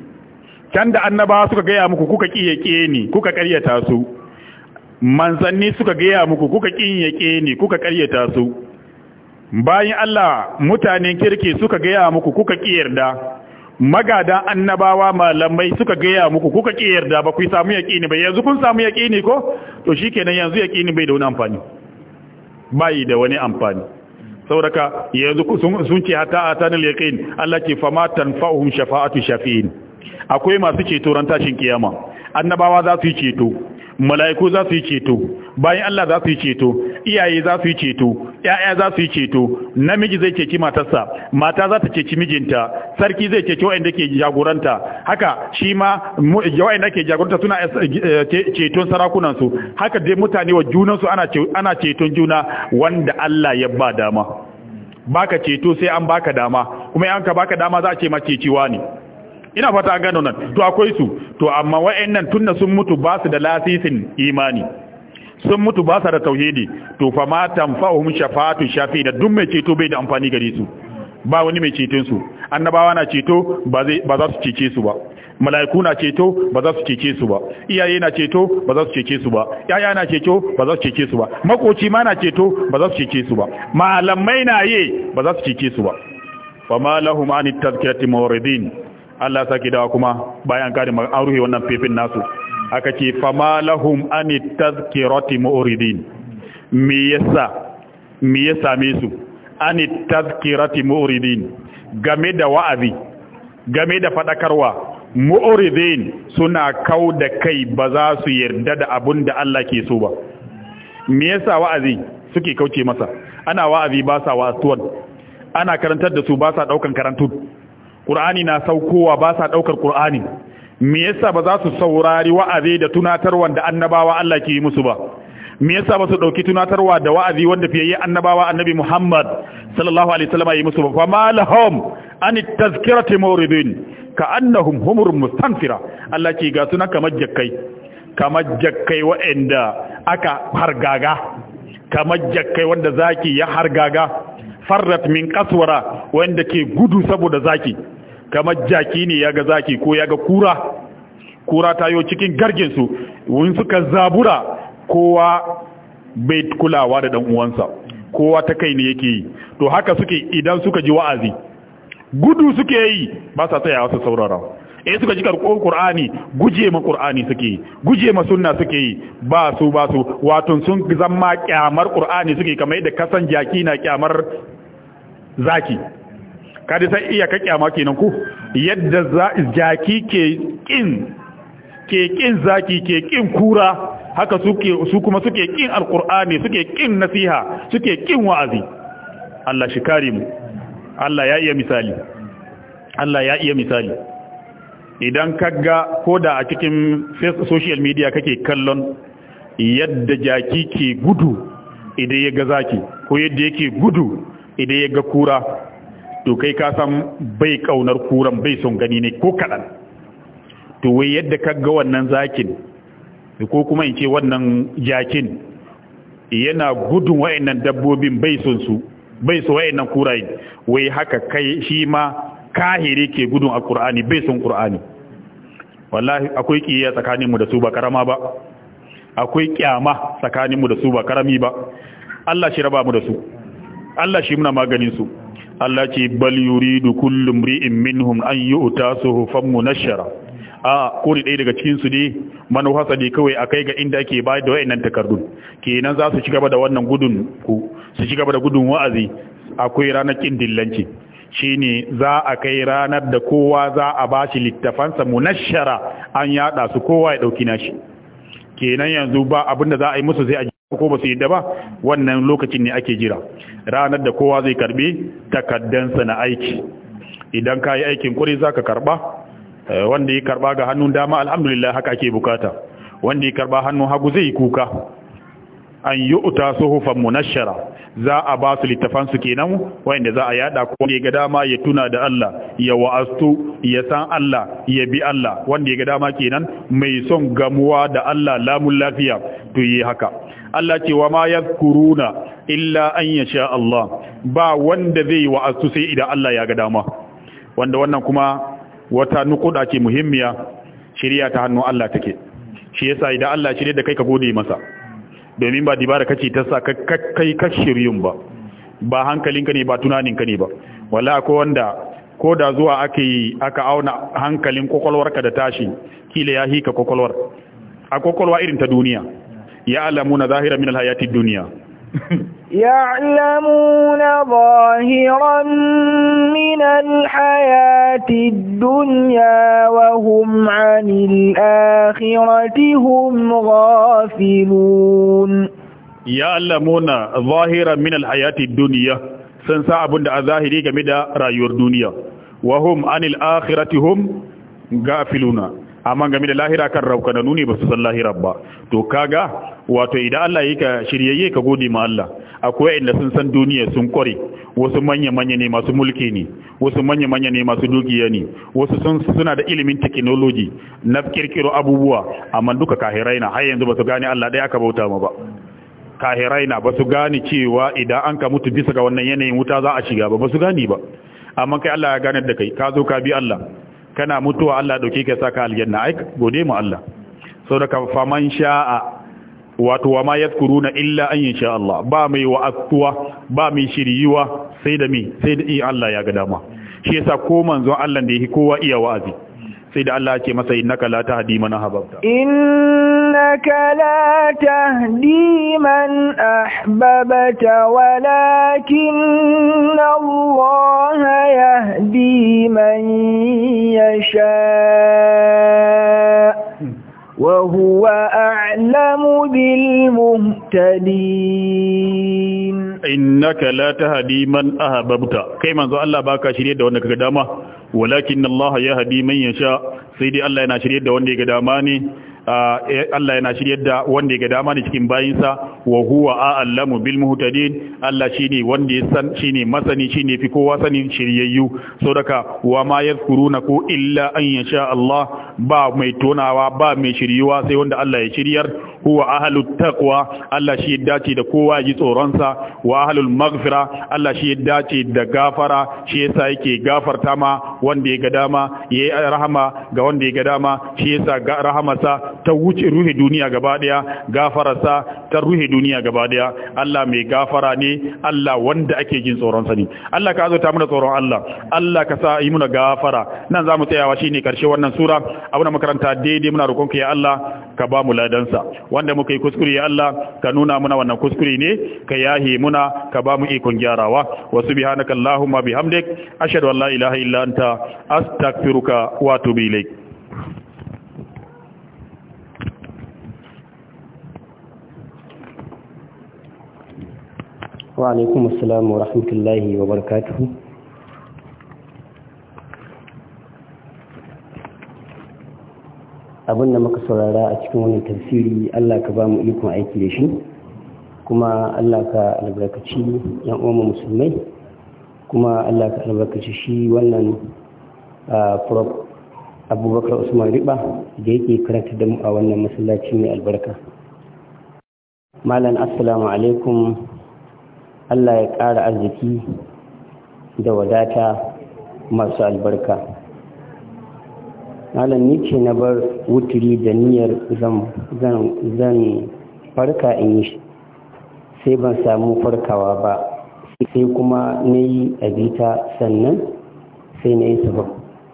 can da annabawa suka gaya muku kuka ki yake ni kuka karyata su manzanni suka gaya muku kuka ki yake ni kuka karyata su bayan Allah mutanen kirki suka gaya muku kuka ki yarda magada annabawa malamai suka gaya muku kuka ki yarda ba ku samu ne ba yanzu kun samu ne ko to shikenan yanzu ne bai da wani amfani bai da wani amfani saboda yanzu sun ce hatta atanil yaqin Allah ce fama tanfa'uhum shafa'atu shafi'in akwai masu ceto ran tashin kiyama annabawa za su yi ceto mala'iku za su yi ceto bayan Allah za su yi ceto iyaye za su yi ceto ya'ya za su yi ceto namiji zai ceci matarsa mata za ta ceci mijinta sarki zai ceci wa'anda ke jagoranta haka shi ma wa'anda ke jagoranta suna eh, ceton sarakunansu haka dai mutane wa junansu ana ceton juna wanda Allah ya ba dama baka ceto sai an baka dama kuma in baka dama za a ce ma ceciwa ne ina fata an gano nan to akwai su to amma wa'annan tunna sun mutu ba su da lasisin imani sun mutu ba su da tauhidi to fa ma tanfa'uhum shafa'atu shafi da duk mai ceto bai da amfani gare su ba wani mai ceton su annabawa na ceto ba za su cece su ba mala'iku na ceto ba za su cece su ba iyaye na ceto ba za su cece su ba yaya na ceto ba za su cece su ba makoci ma na ceto ba za su cece su ba malamai na ye ba za su cece su ba fa ma lahum anit mawridin Allah ya saki dawa kuma bayan kare an ruhe wannan fifin nasu aka ce fama lahum ani tazkirati mu'ridin me yasa me ya same su ani tazkirati mu'ridin game da wa'azi game da fadakarwa mu'ridin suna kau da kai ba za su yarda da abun da Allah ke so ba me yasa wa'azi suke kauce masa ana wa'azi ba sa wa'astuwan ana karantar da su ba sa daukan karantun ƙur'ani na saukowa ba sa ɗaukar ƙur'ani me yasa ba za su saurari wa'azi da tunatarwa da annabawa Allah ke yi musu ba me yasa ba su ɗauki tunatarwa da wa'azi wanda fiye annabawa annabi Muhammad sallallahu alaihi wasallam yi musu ba fa malahum an tazkirati muridin ka annahum humur mustanfira Allah ke ga sunan kamar jakkai kamar jakkai wa'anda aka hargaga kamar jakkai wanda zaki ya hargaga farrat min kaswara wanda ke gudu saboda zaki kamar jaki ne ya ga zaki ko ya ga kura kura ta yi cikin garginsu wani suka zabura kowa bai kulawa da ɗan'uwansa, kowa ta kai ne yake yi to haka suke idan suka ji wa'azi gudu suke yi ba sa yawa su saurara eh suka ji karkon ƙur'ani guje ma ƙur'ani suke guje ma suna suke ba su ba su watan sun zama kyamar ƙur'ani suke kamar yadda kasan jaki na kyamar zaki kada sai iya ka kyama kenan ku yadda jaki ke kin ke kin zaki ke kin kura haka suke su kuma suke kin alqur'ani suke kin nasiha suke kin wa'azi Allah shi karimu mu Allah ya iya misali Allah ya iya misali idan kaga koda a cikin social media kake kallon yadda jaki ke gudu idan ya ga zaki ko yadda yake gudu idan ya ga kura to kai ka san bai kaunar kuran bai son gani ne ko kaɗan to wai yadda ka ga wannan zakin ko kuma in ce wannan jakin yana gudun wa'annan dabbobin bai son su bai so wa'annan kuraye wai haka kai shi ma kahiri ke gudun a bai son ƙur'ani wallahi akwai tsakanin tsakaninmu da su ba karama ba akwai ƙyama tsakaninmu da su ba karami ba Allah shi raba mu da su Allah shi muna maganin su Allah ce bal yuridu kullu mri'in minhum an yu'ta na shara. a kori ɗaya daga cikin su ne manuhasa ne kawai a kai ga inda ake bayar da wayannan takardun kenan za su ci gaba da wannan gudun ku su ci gaba da gudun wa'azi akwai ranar kin dillanci shine za a kai ranar da kowa za a bashi littafansa shara an yada su kowa ya dauki nashi kenan yanzu ba abinda za a yi musu sai a ko ba su yadda ba wannan lokacin ne ake jira ranar da kowa zai karbi takaddansa na aiki idan ka yi aikin kuri za ka karba eh, wanda ya karba ga hannun dama alhamdulillah haka ake bukata wanda ya karba hannun hagu zai kuka an yi uta suhufan munashara za a ba su littafansu kenan wanda za a yada ko ya ga dama ya tuna da Allah ya wa'astu ya san Allah ya bi Allah wanda ya ga dama kenan mai son gamuwa da Allah lamun lafiya to yi haka Allah ce wa ma kuruna illa an yasha Allah ba wanda zai yi wa'azu sai idan Allah ya ga dama wanda wannan kuma wata nukuda ce muhimmiya shirya ta hannu Allah take shi yasa idan Allah shirye da kai ka gode masa domin ba dibara kace ta sa kai ka shiryun ba ba hankalinka ne ba tunaninka ne ba wala ko wanda ko da zuwa aka aka auna hankalin kwakwalwarka da tashi kila ya hika kokolwar a kwakwalwa irin ta duniya يعلمون ظاهرا من الحياة الدنيا [LAUGHS] يعلمون ظاهرا من الحياة الدنيا وهم عن الآخرة هم غافلون يعلمون ظاهرا من الحياة الدنيا سنسا أبن الظاهري كمدى رأي الدنيا وهم عن الآخرة هم غافلون amma game da lahira kan raukananu ne ba su san lahira ba to kaga wato idan Allah ya ka shiryayye ka gode ma Allah akwai inda sun san duniya sun kware wasu manya manya ne masu mulki ne wasu manya manya ne masu dukiya ne wasu sun suna da ilimin technology na kirkiro abubuwa amma duka kahirai na har yanzu ba su gane Allah dai aka bauta ma ba kahirai na ba su gane cewa idan an ka mutu bisa ga wannan yanayin wuta za a shiga ba ba su gane ba amma kai Allah ya gane da kai ka zo ka bi Allah kana mutuwa Allah dauke ka saka aljanna aika? gode mu Allah saboda faman sha'a wato wa ma yadhkuruna illa an insha Allah ba mai wa'atuwa ba mai shiriyuwa sai da mi sai da Allah ya ga dama shi yasa ko manzon Allah da yake kowa iya wa'azi sai da Allah ce masa innaka la tahdi man ahbabta innaka la tahdi man ahbabta walakin Allah yahdi man yasha hmm. وهو أعلم بالمهتدين إنك لا تهدي من أهببت كما زال الله باكا شريد وأنك قدامه ولكن الله يهدي من يشاء سيدي الله ينا شريد وأنك قداماني Eh, Allah yana shiryar da wanda ya ga dama ne cikin bayinsa wa huwa a'lamu bil muhtadin Allah shine wanda ya san shine masani shine fi kowa sani, shiryayyu saboda wa ma yadhkuruna ku illa an yasha Allah ba mai tonawa ba mai shiryuwa sai wanda Allah ya shiryar huwa ahlut taqwa Allah shi ya dace da kowa ji tsoronsa wa ahlul maghfira Allah shi ya dace da gafara shi yasa yake gafarta ma wanda ya ga dama yayi rahama ga wanda ya ga dama shi yasa rahamarsa ta wuce ruhe duniya gaba daya gafararsa ta ruhe duniya gaba daya Allah mai gafara ne Allah wanda ake jin tsoron ne Allah ka zo ta muna tsoron Allah Allah ka sa yi muna gafara nan zamu tsayawa shi ne karshe wannan sura abu na makaranta daidai muna roƙon ka ya Allah ka ba mu ladansa wanda muka yi kuskure ya Allah ka nuna muna wannan kuskure ne ka yahe muna ka ba mu ikon gyarawa wa subhanakallahumma bihamdik ashhadu an la ilaha illa anta astaghfiruka wa atubu ilaik wa alaikum assalamu wa rahmatullahi wa barakatuhu abin da muka saurara a cikin wannan tafsiri Allah ka ba mu ikon aiki da shi kuma Allah ka albarkaci yan uwan musulmai kuma Allah ka albarkaci shi wannan prof abubakar usman riba da yake karanta da mu a wannan masallaci mai albarka malam assalamu alaikum Allah ya ƙara arziki da wadata masu albarka malam ni ce na bar wuturi da niyyar zan farka in yi sai ban samu farkawa ba sai kuma na yi abita sannan sai na yi sabab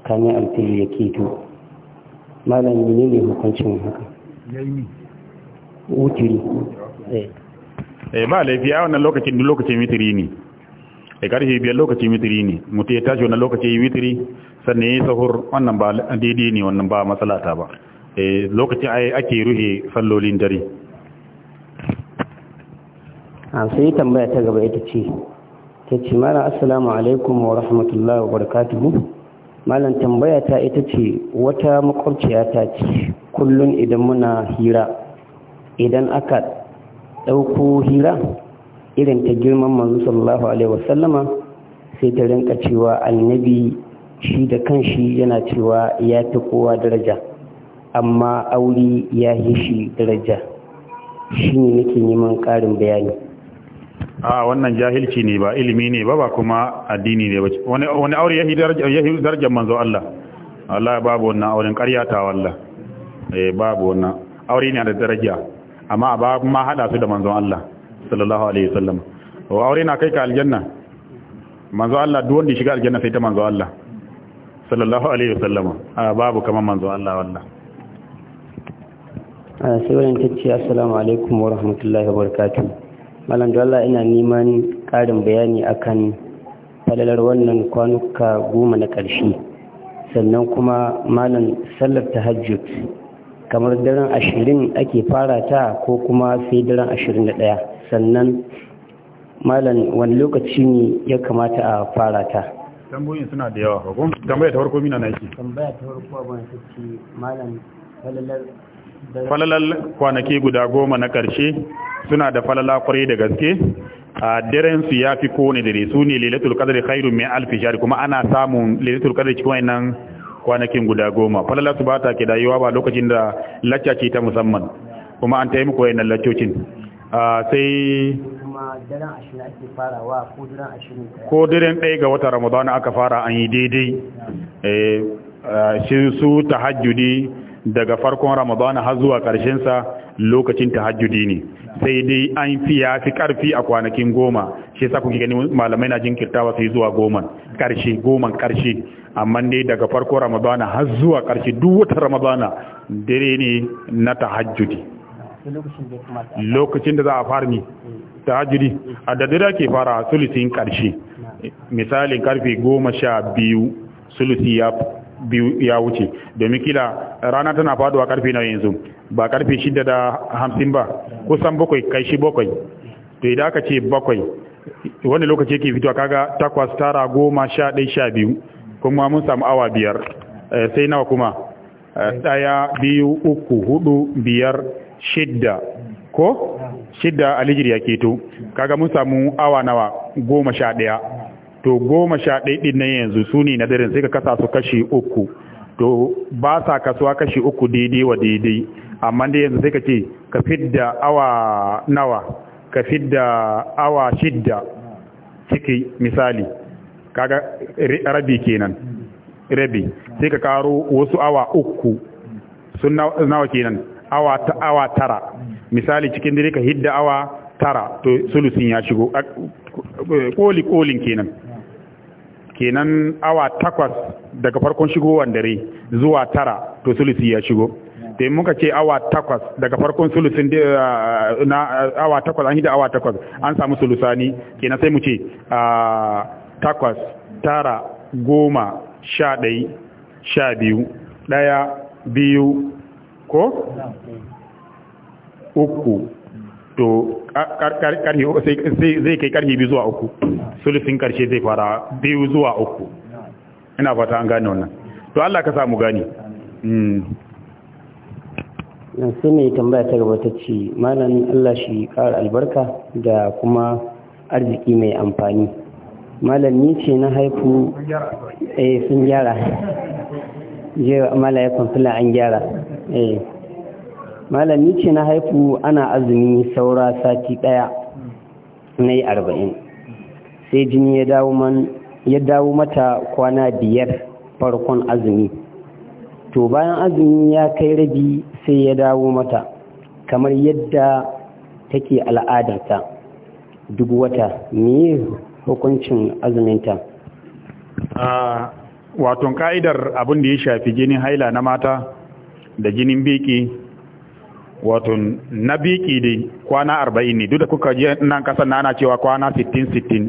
kamin alfili ya keto malam ne ne hukuncin haka wuturi eh. eh ba laifi a wannan lokacin duk lokacin mitiri ne eh karfe biyar lokacin mitiri ne Mutu ya tashi wannan lokacin mitiri, sannan ya yi sahur wannan ba daidai ne wannan ba matsalata ba eh lokacin ai ake ruhe sallolin dare a sai tambaya ta gaba ita ce ta ce mara assalamu alaikum wa rahmatullahi wa barakatuhu malam tambaya ta ita ce wata makwabciya ta ce kullum idan muna hira idan aka ɗauko hira irin ta girman manzo sallallahu alaihi wasallama sai ta rinka cewa annabi shi da kanshi yana cewa ya fi kowa daraja amma aure ya yi shi daraja shi ne nake neman ƙarin bayani a wannan jahilci ne ba ilimi ne ba ba kuma addini ne ba wani aure ya yi darajar manzo Allah Allah babu wannan auren ƙaryata wallah eh babu wannan aure ne da daraja amma ba kuma hada su da manzon Allah sallallahu alaihi wasallam wa aure na kai ka aljanna manzon Allah duk wanda shiga aljanna sai ta manzon Allah sallallahu alaihi wasallam babu kaman manzon Allah wallahi a sauran tacci assalamu alaikum wa rahmatullahi wa barakatuh malam da Allah ina neman karin bayani akan falalar wannan kwanuka goma na ƙarshe sannan kuma malam sallar tahajjud kamar daren ashirin ake fara ta ko kuma sai daren ashirin da ɗaya sannan malam wani lokaci ne ya kamata a fara ta tambayoyin suna da yawa ko tambaya ta farko mina naki tambaya ta farko abin da ke malam falalar falalar kwanaki guda goma na ƙarshe suna da falala kwarai da gaske a daren su ya fi kowane dare su ne lilatul qadri khairun min alf shahr kuma ana samun lilatul qadri cikin wannan kwanakin guda goma falala su ba ta ke dayuwa ba lokacin da lacca ce ta musamman kuma an taimu koyi na laccocin sai ko daren ɗaya ga wata ramadana aka fara an yi daidai eh, shi su tahajjudi daga farkon ramadana har zuwa ƙarshensa lokacin tahajjudi ne sai dai an fi ya fi karfi a kwanakin goma shi sa kuke gani malamai na jinkirtawa sai zuwa goman karshe goman karshe amma dai daga farko ramadana har zuwa karshe duk wata ramadana dare ne na tahajjudi lokacin da za a fara ne tahajjudi a da dare ke fara sulusin karshe misalin karfe goma sha biyu sulusi ya biyu ya wuce domin kila rana tana faduwa karfe na yanzu ba karfe shida da hamsin ba kusan bakwai kai shi bakwai to idan aka ce bakwai wani lokaci yake fitowa kaga takwas tara goma sha ɗai sha biyu kuma mun samu awa biyar eh, sai nawa kuma eh, ɗaya biyu uku hudu biyar shidda ko shidda alijir ya keto kaga mun samu awa nawa goma sha ɗaya to goma sha ɗin na yanzu su ne na daren sai ka kasa su kashi uku to ba sa kasuwa kashi uku daidai wa daidai amma dai yanzu sai ka ce ka fidda awa nawa ka fidda awa shidda ciki misali kaga rabi kenan rabi sai ka karo wasu awa uku sun nawa kenan awa ta awa tara misali cikin dare ka hidda awa tara to sulusin ya shigo koli kolin kenan kenan awa takwas daga farkon shigowar dare zuwa tara to sulusi ya shigo da muka ce awa takwas daga farkon sulusin uh, na uh, awa takwas an hida awa takwas an samu sulusani kenan sai mu ce a uh, takwas tara goma sha ɗai sha biyu ɗaya biyu ko uku to karhi zai kai karhi biyu zuwa uku sulusin karshe zai fara biyu zuwa uku ina fata an gane wannan to Allah ka samu gani hmm. sai mai tambaya ta gaba ta ce malamin Allah shi ƙara albarka da kuma arziki mai amfani ni ce na haifu eh, sun gyara je mala ya kwamfila an gyara eh malami ce na haifu ana azumi saura sati ɗaya na yi arba'in sai jini ya dawo mata kwana biyar farkon azumi to bayan azumi ya kai rabi sai ya dawo mata kamar yadda take al'adarta duk wata yi hukuncin azuminta waton ka'idar abin da ya shafi jinin haila na mata da jinin biki wato na biki dai kwana arba'in ne duk da kuka je nan kasan na ana cewa kwana sittin sittin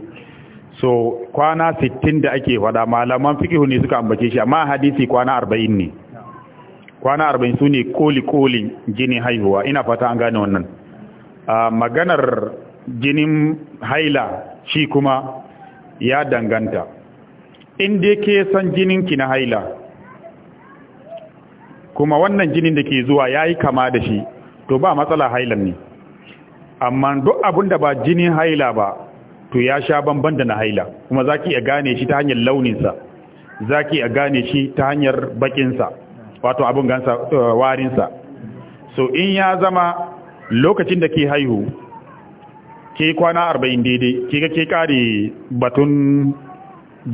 so kwana sittin da ake faɗa malaman fikihu ne suka ambace shi amma hadisi kwana arba'in ne kwana arba'in su ne koli-kolin jinin haihuwa ina fata an gane wannan maganar jinin haila shi kuma ya danganta inda ke san ki na haila kuma wannan jinin da ke zuwa ya yi kama da shi to ba matsala hailan ne amma duk abin da ba jinin haila ba to ya sha banban da na haila kuma zaki iya gane shi ta hanyar launinsa zaki iya gane shi ta hanyar bakinsa wato abin gansa eh, warinsa so in ya zama lokacin da ke haihu ke kwana arba'in daidai ke ga ke kare batun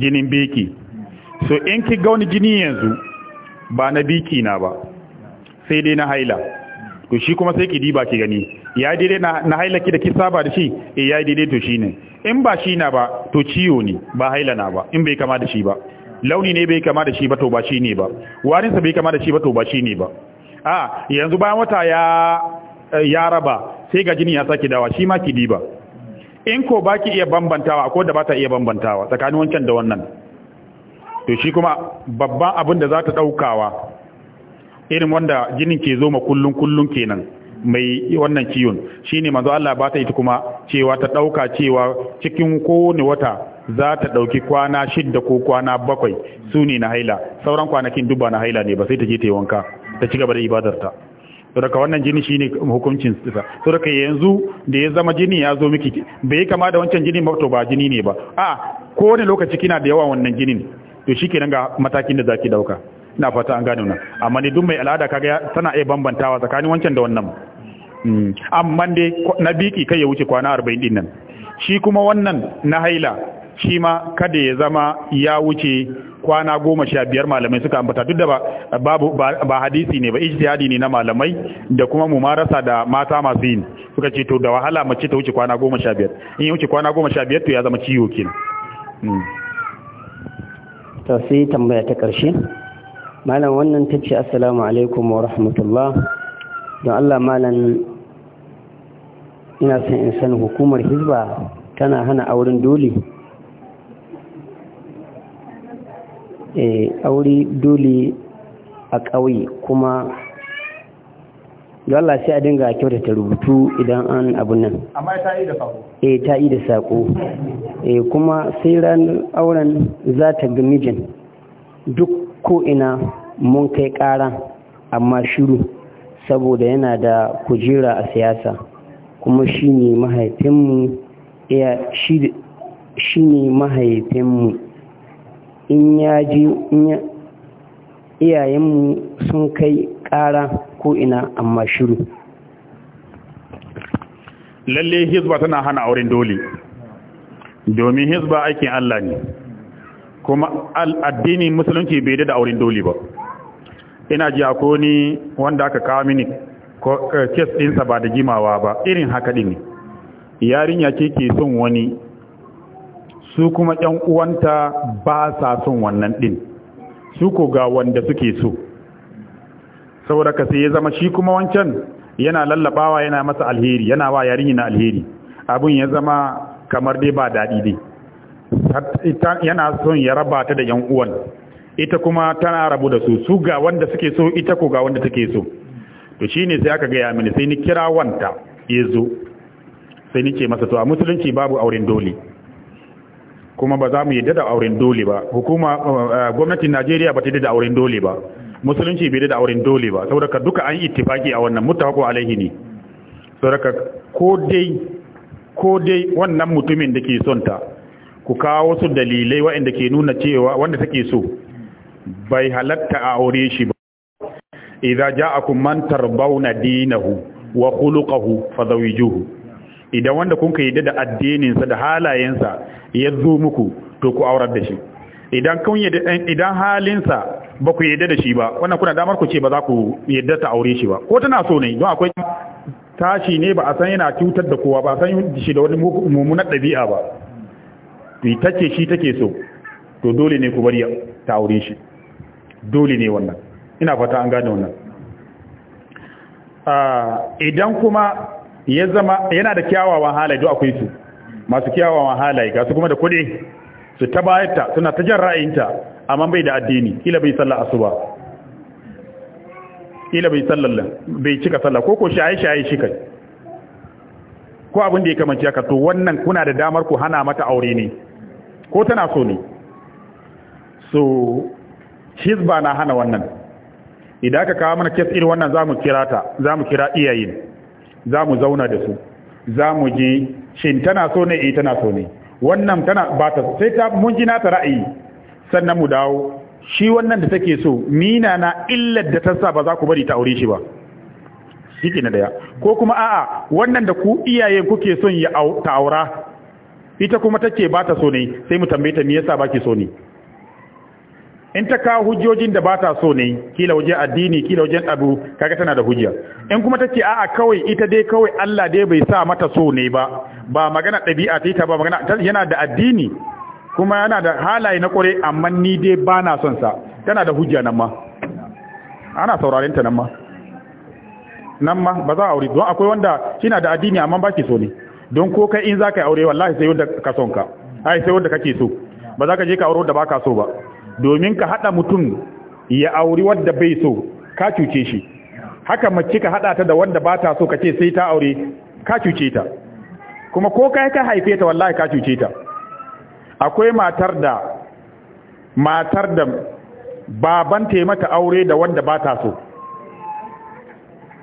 jinin beki so in ki ga wani jini yanzu ba na biki na ba sai dai na haila to shi kuma sai ki diba ki gani ya daidai na hailaki da ki saba da shi eh ya daidai to shine in ba shi na ba to ciwo ne ba haila na ba in bai kama da shi ba launi ne bai kama da shi ba to ba shi ne ba warinsa bai kama da shi ba to ba shi ne ba a yanzu bayan wata ya ya raba sai ga jini ya saki dawa shi ma ki diba in ko ba ki iya bambantawa ko da ba ta iya bambantawa tsakanin wancan da wannan to shi kuma babban abin da za ta ɗaukawa irin wanda jinin ke zo ma kullun kullun kenan mai wannan ciwon shine manzo Allah ba ta ita kuma cewa ta dauka cewa cikin kowane wata za ta dauki kwana shidda ko kwana bakwai su ne na haila sauran kwanakin duba na haila ne ba sai ta je ta yi wanka ta ci gaba da ibadarta to daga wannan jini shine hukuncin sa to daga yanzu da ya zama jini ya zo miki bai kama da wancan jini ba to ba jini ne ba a kowane lokaci kina da yawa wannan jinin to shi shikenan ga matakin da za ki dauka ina fata an gane nan amma ne duk mai al'ada kaga tana iya bambantawa tsakanin wancan da wannan hmm. amma dai na biki kai ya wuce kwana 40 din nan shi kuma wannan na haila shi ma kada ya zama ya wuce kwana goma sha biyar malamai suka ambata duk da ba, ba, hadisi ne ba ijtihadi ne na malamai da kuma mu marasa da mata masu yin suka ce to da wahala mace ta wuce kwana goma sha biyar in ya wuce kwana goma sha biyar to ya zama ciwo kenan hmm. to sai tambaya ta ƙarshe malam wannan ta ce assalamu alaikum wa rahmatullah don allah malam ina son in san hukumar hizba tana hana auren dole eh, aure dole a ƙauye kuma Allah sai a dinga kyautata rubutu idan an abu nan amma ta yi da sako eh ta yi da sako eh kuma sai ran auren za ta ga mijin duk ko'ina mun kai ƙara amma shiru saboda yana da kujera a siyasa kuma shi ne mahaifinmu in ya ji iyayenmu sun kai ƙara ko'ina amma shiru lalle hizba tana hana auren dole domin hizba aikin Allah ne kuma al'addini musulunci bai da auren doli ba ina ji ko ni wanda aka kawo mini kes eh, ɗinsa ba da jimawa ba irin haka ɗin yarinya ce ke son wani su kuma 'yan uwanta ba sa son wannan ɗin su ko ga wanda suke so saboda ka sai ya zama shi kuma wancan yana lallabawa yana masa alheri yana wa yarinya na alheri abin ya zama kamar dai ba daɗi dai yana son ya raba ta da yan uwan ita kuma tana rabu da su su ga wanda suke so ita ko ga wanda take so to shine sai aka gaya mini sai ni kira wanta yazo sai ni ce masa to a musulunci babu auren dole kuma ba za mu yi da auren dole ba hukuma eh, gwamnatin Najeriya ba ta da auren dole ba musulunci bai da auren dole ba saboda duka an ittifaki a wannan mutawako alaihi ne saboda ko dai ko dai wannan mutumin da ke son ta ku kawo wasu dalilai waɗanda ke nuna cewa wanda take so bai halatta a aure shi ba idza ja'akum man tarbauna dinahu wa khuluquhu fadhawijuhu idan wanda kun ka yadda da addinin sa da halayensa ya zo muku to ku aurar da shi idan kun yadda idan halinsa ba ku yadda da shi ba wannan kuna damar ku ce ba za ku yadda ta aure shi ba ko tana so ne don akwai tashi ne ba a san yana cutar da kowa ba a san shi da wani mummunar ɗabi'a ba ita ce shi take so to dole ne ku bari ta aure shi dole ne wannan ina fata an gane wannan ah, idan kuma ya zama yana da kyawawan halaye duk akwai su masu kyawawan halaye ga su kuma da kuɗi su ta suna ta jan ra'ayinta amma bai da addini kila bai sallar asuba kila bai sallallan bai cika sallar. ko ko shaye shaye shi kai ko abin da ya kamanci haka to wannan kuna da damar ku hana mata aure ne ko tana so ne so hizba na hana wannan idan aka kawo mana kes irin wannan zamu kira ta zamu kira iyayen zamu zauna da su zamu ji shin tana so ne eh tana so ne wannan tana ba ta sai ta mun ji nata ra'ayi sannan mu dawo shi wannan da take so ni na illar da ta sa ba za ku bari ta aure shi ba shi na daya ko kuma a'a wannan da ku iyayen kuke son ya ta aura ita kuma take ba ta so ne sai mu tambaye ta me yasa baki so ne in ta kawo hujjojin da ba ta so ne kila waje addini kila wajen abu kaga tana da hujja in kuma tace a'a kawai ita dai kawai Allah dai bai sa mata so ne ba ba magana ɗabi'a ta ita ba magana yana da addini kuma yana da halaye na kore amma ni dai ba na son sa tana da hujja nan ma ana sauraren ta nan ma nan ma ba za a aure don akwai wanda kina da addini amma ba ki so ne don ko kai in za ka yi aure wallahi sai wanda ka son ka ai sai wanda kake so ba za ka je ka aure da baka so ba domin ka hada mutum ya auri wanda bai so ka cuce shi haka mace ka hada ta da wanda ba ta so kace sai ta aure ka cuce ta kuma ko kai ka haife ta wallahi ka cuce ta akwai matar da matar da baban ta mata aure da wanda ba ta so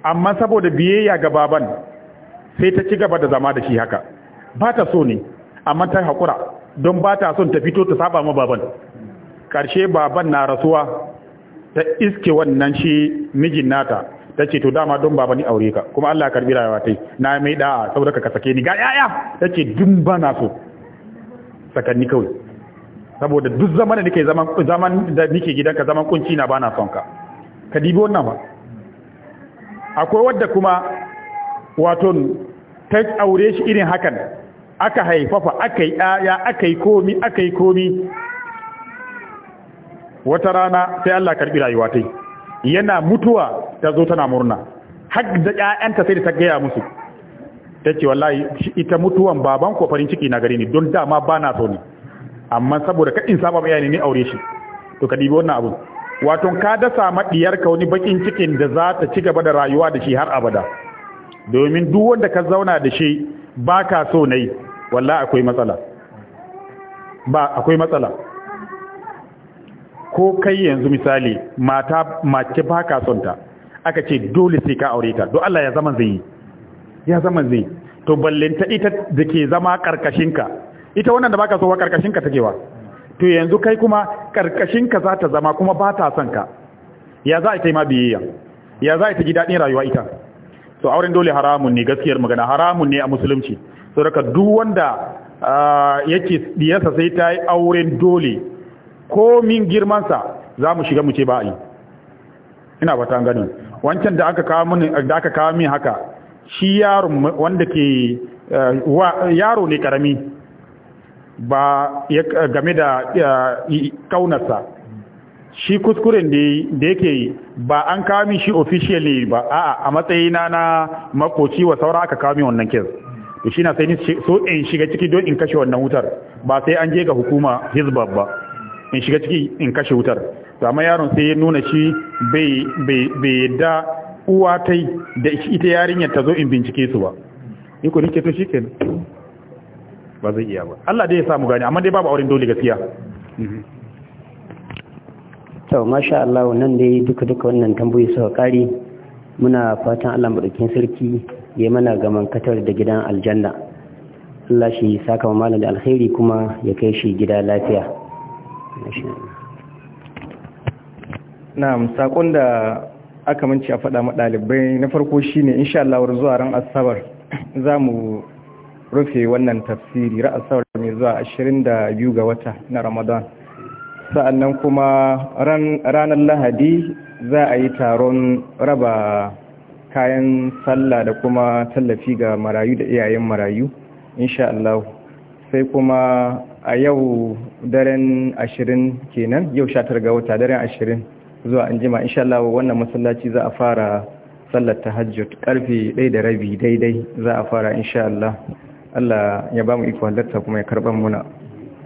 amma saboda biyayya ga baban sai ta ci gaba da zama da shi haka ba ta so ne amma ta haƙura don ba ta son ta fito ta saba ma baban ƙarshe baban na rasuwa ta iske wannan shi mijin nata ta ce to dama don baba ni aure ka kuma Allah karbi rayuwa tai na mai da saboda ka sake ni ga yaya ta ce dun ba na so sakanni kawai saboda duk zaman da nake zaman zaman da nake gidanka zaman kunci na bana son ka ka dibi wannan ba akwai wadda kuma waton. ta aure shi irin hakan aka haifafa aka yi ɗaya aka yi komi aka yi komi wata rana sai Allah karɓi rayuwa ta yana mutuwa ta zo tana murna har da ƴaƴanta sai da ta gaya musu ta ce wallahi ita mutuwan baban ko farin ciki na gare ni don dama ba na so ni amma saboda ka in saba bayani ni aure shi to ka dibi wannan abu wato ka dasa maɗiyar ka wani bakin cikin da za ta ci gaba da rayuwa da shi har abada domin duk wanda ka zauna da shi baka so nai walla akwai matsala ba akwai matsala ko kai yanzu misali mata mace baka son ta aka ce dole sai ka aure ta don Allah ya zaman zai ya zaman zai to ballenta ita da ke zama karkashinka ita wannan da baka so wa karkashinka take wa to yanzu kai kuma karkashinka za ta zama kuma ba ta son ka ya za a ta yi ma biyayya ya za a ta ji daɗin rayuwa ita to auren dole haramun ne gaskiyar magana haramun ne a musulunci to daga duk wanda yake diyarsa sai ta yi auren dole ko min girmansa za mu shiga mu ce ba a yi ina ganin wancan da aka kawo min da aka kawo min haka shi yaro wanda ke yaro ne karami ba game da kaunarsa shi kuskuren da yake yi ba an kami shi official ne ba a'a a matsayina na makoci wa saura aka kami wannan kes to shi na sai ni so in shiga ciki don in kashe wannan wutar ba sai an je ga hukuma hizba ba in shiga ciki in kashe wutar to amma yaron sai ya nuna shi bai bai bai da uwa da ita yarinyar ta zo in bincike su ba ni to shikenan ba zai iya ba Allah dai ya samu gani amma dai babu auren dole gaskiya mhm. to masha Allah nan dai duka-duka wannan tambayi suka kare muna fatan Allah madaukakin sarki ya mana gaman katar da gidan aljanna Allah shi saka malam da alkhairi kuma ya kai shi gida lafiya na'am sakon da aka mince a faɗa ɗalibai na farko shine insha Allah zuwa ran asabar [CLEARS THROAT] za mu rufe wannan tafsiri ra'asar mai zuwa biyu ga wata na Ramadan sa'annan kuma ranar lahadi za a yi taron raba kayan sallah da kuma tallafi ga marayu da iyayen marayu insha Allah sai kuma a yau daren ashirin kenan yau shatar ga wata daren ashirin zuwa an jima insha Allah wannan masallaci za a fara sallar ta tahajjud karfe daya da rabi daidai za a fara insha Allah Allah ya ba mu iko halarta kuma ya karɓar muna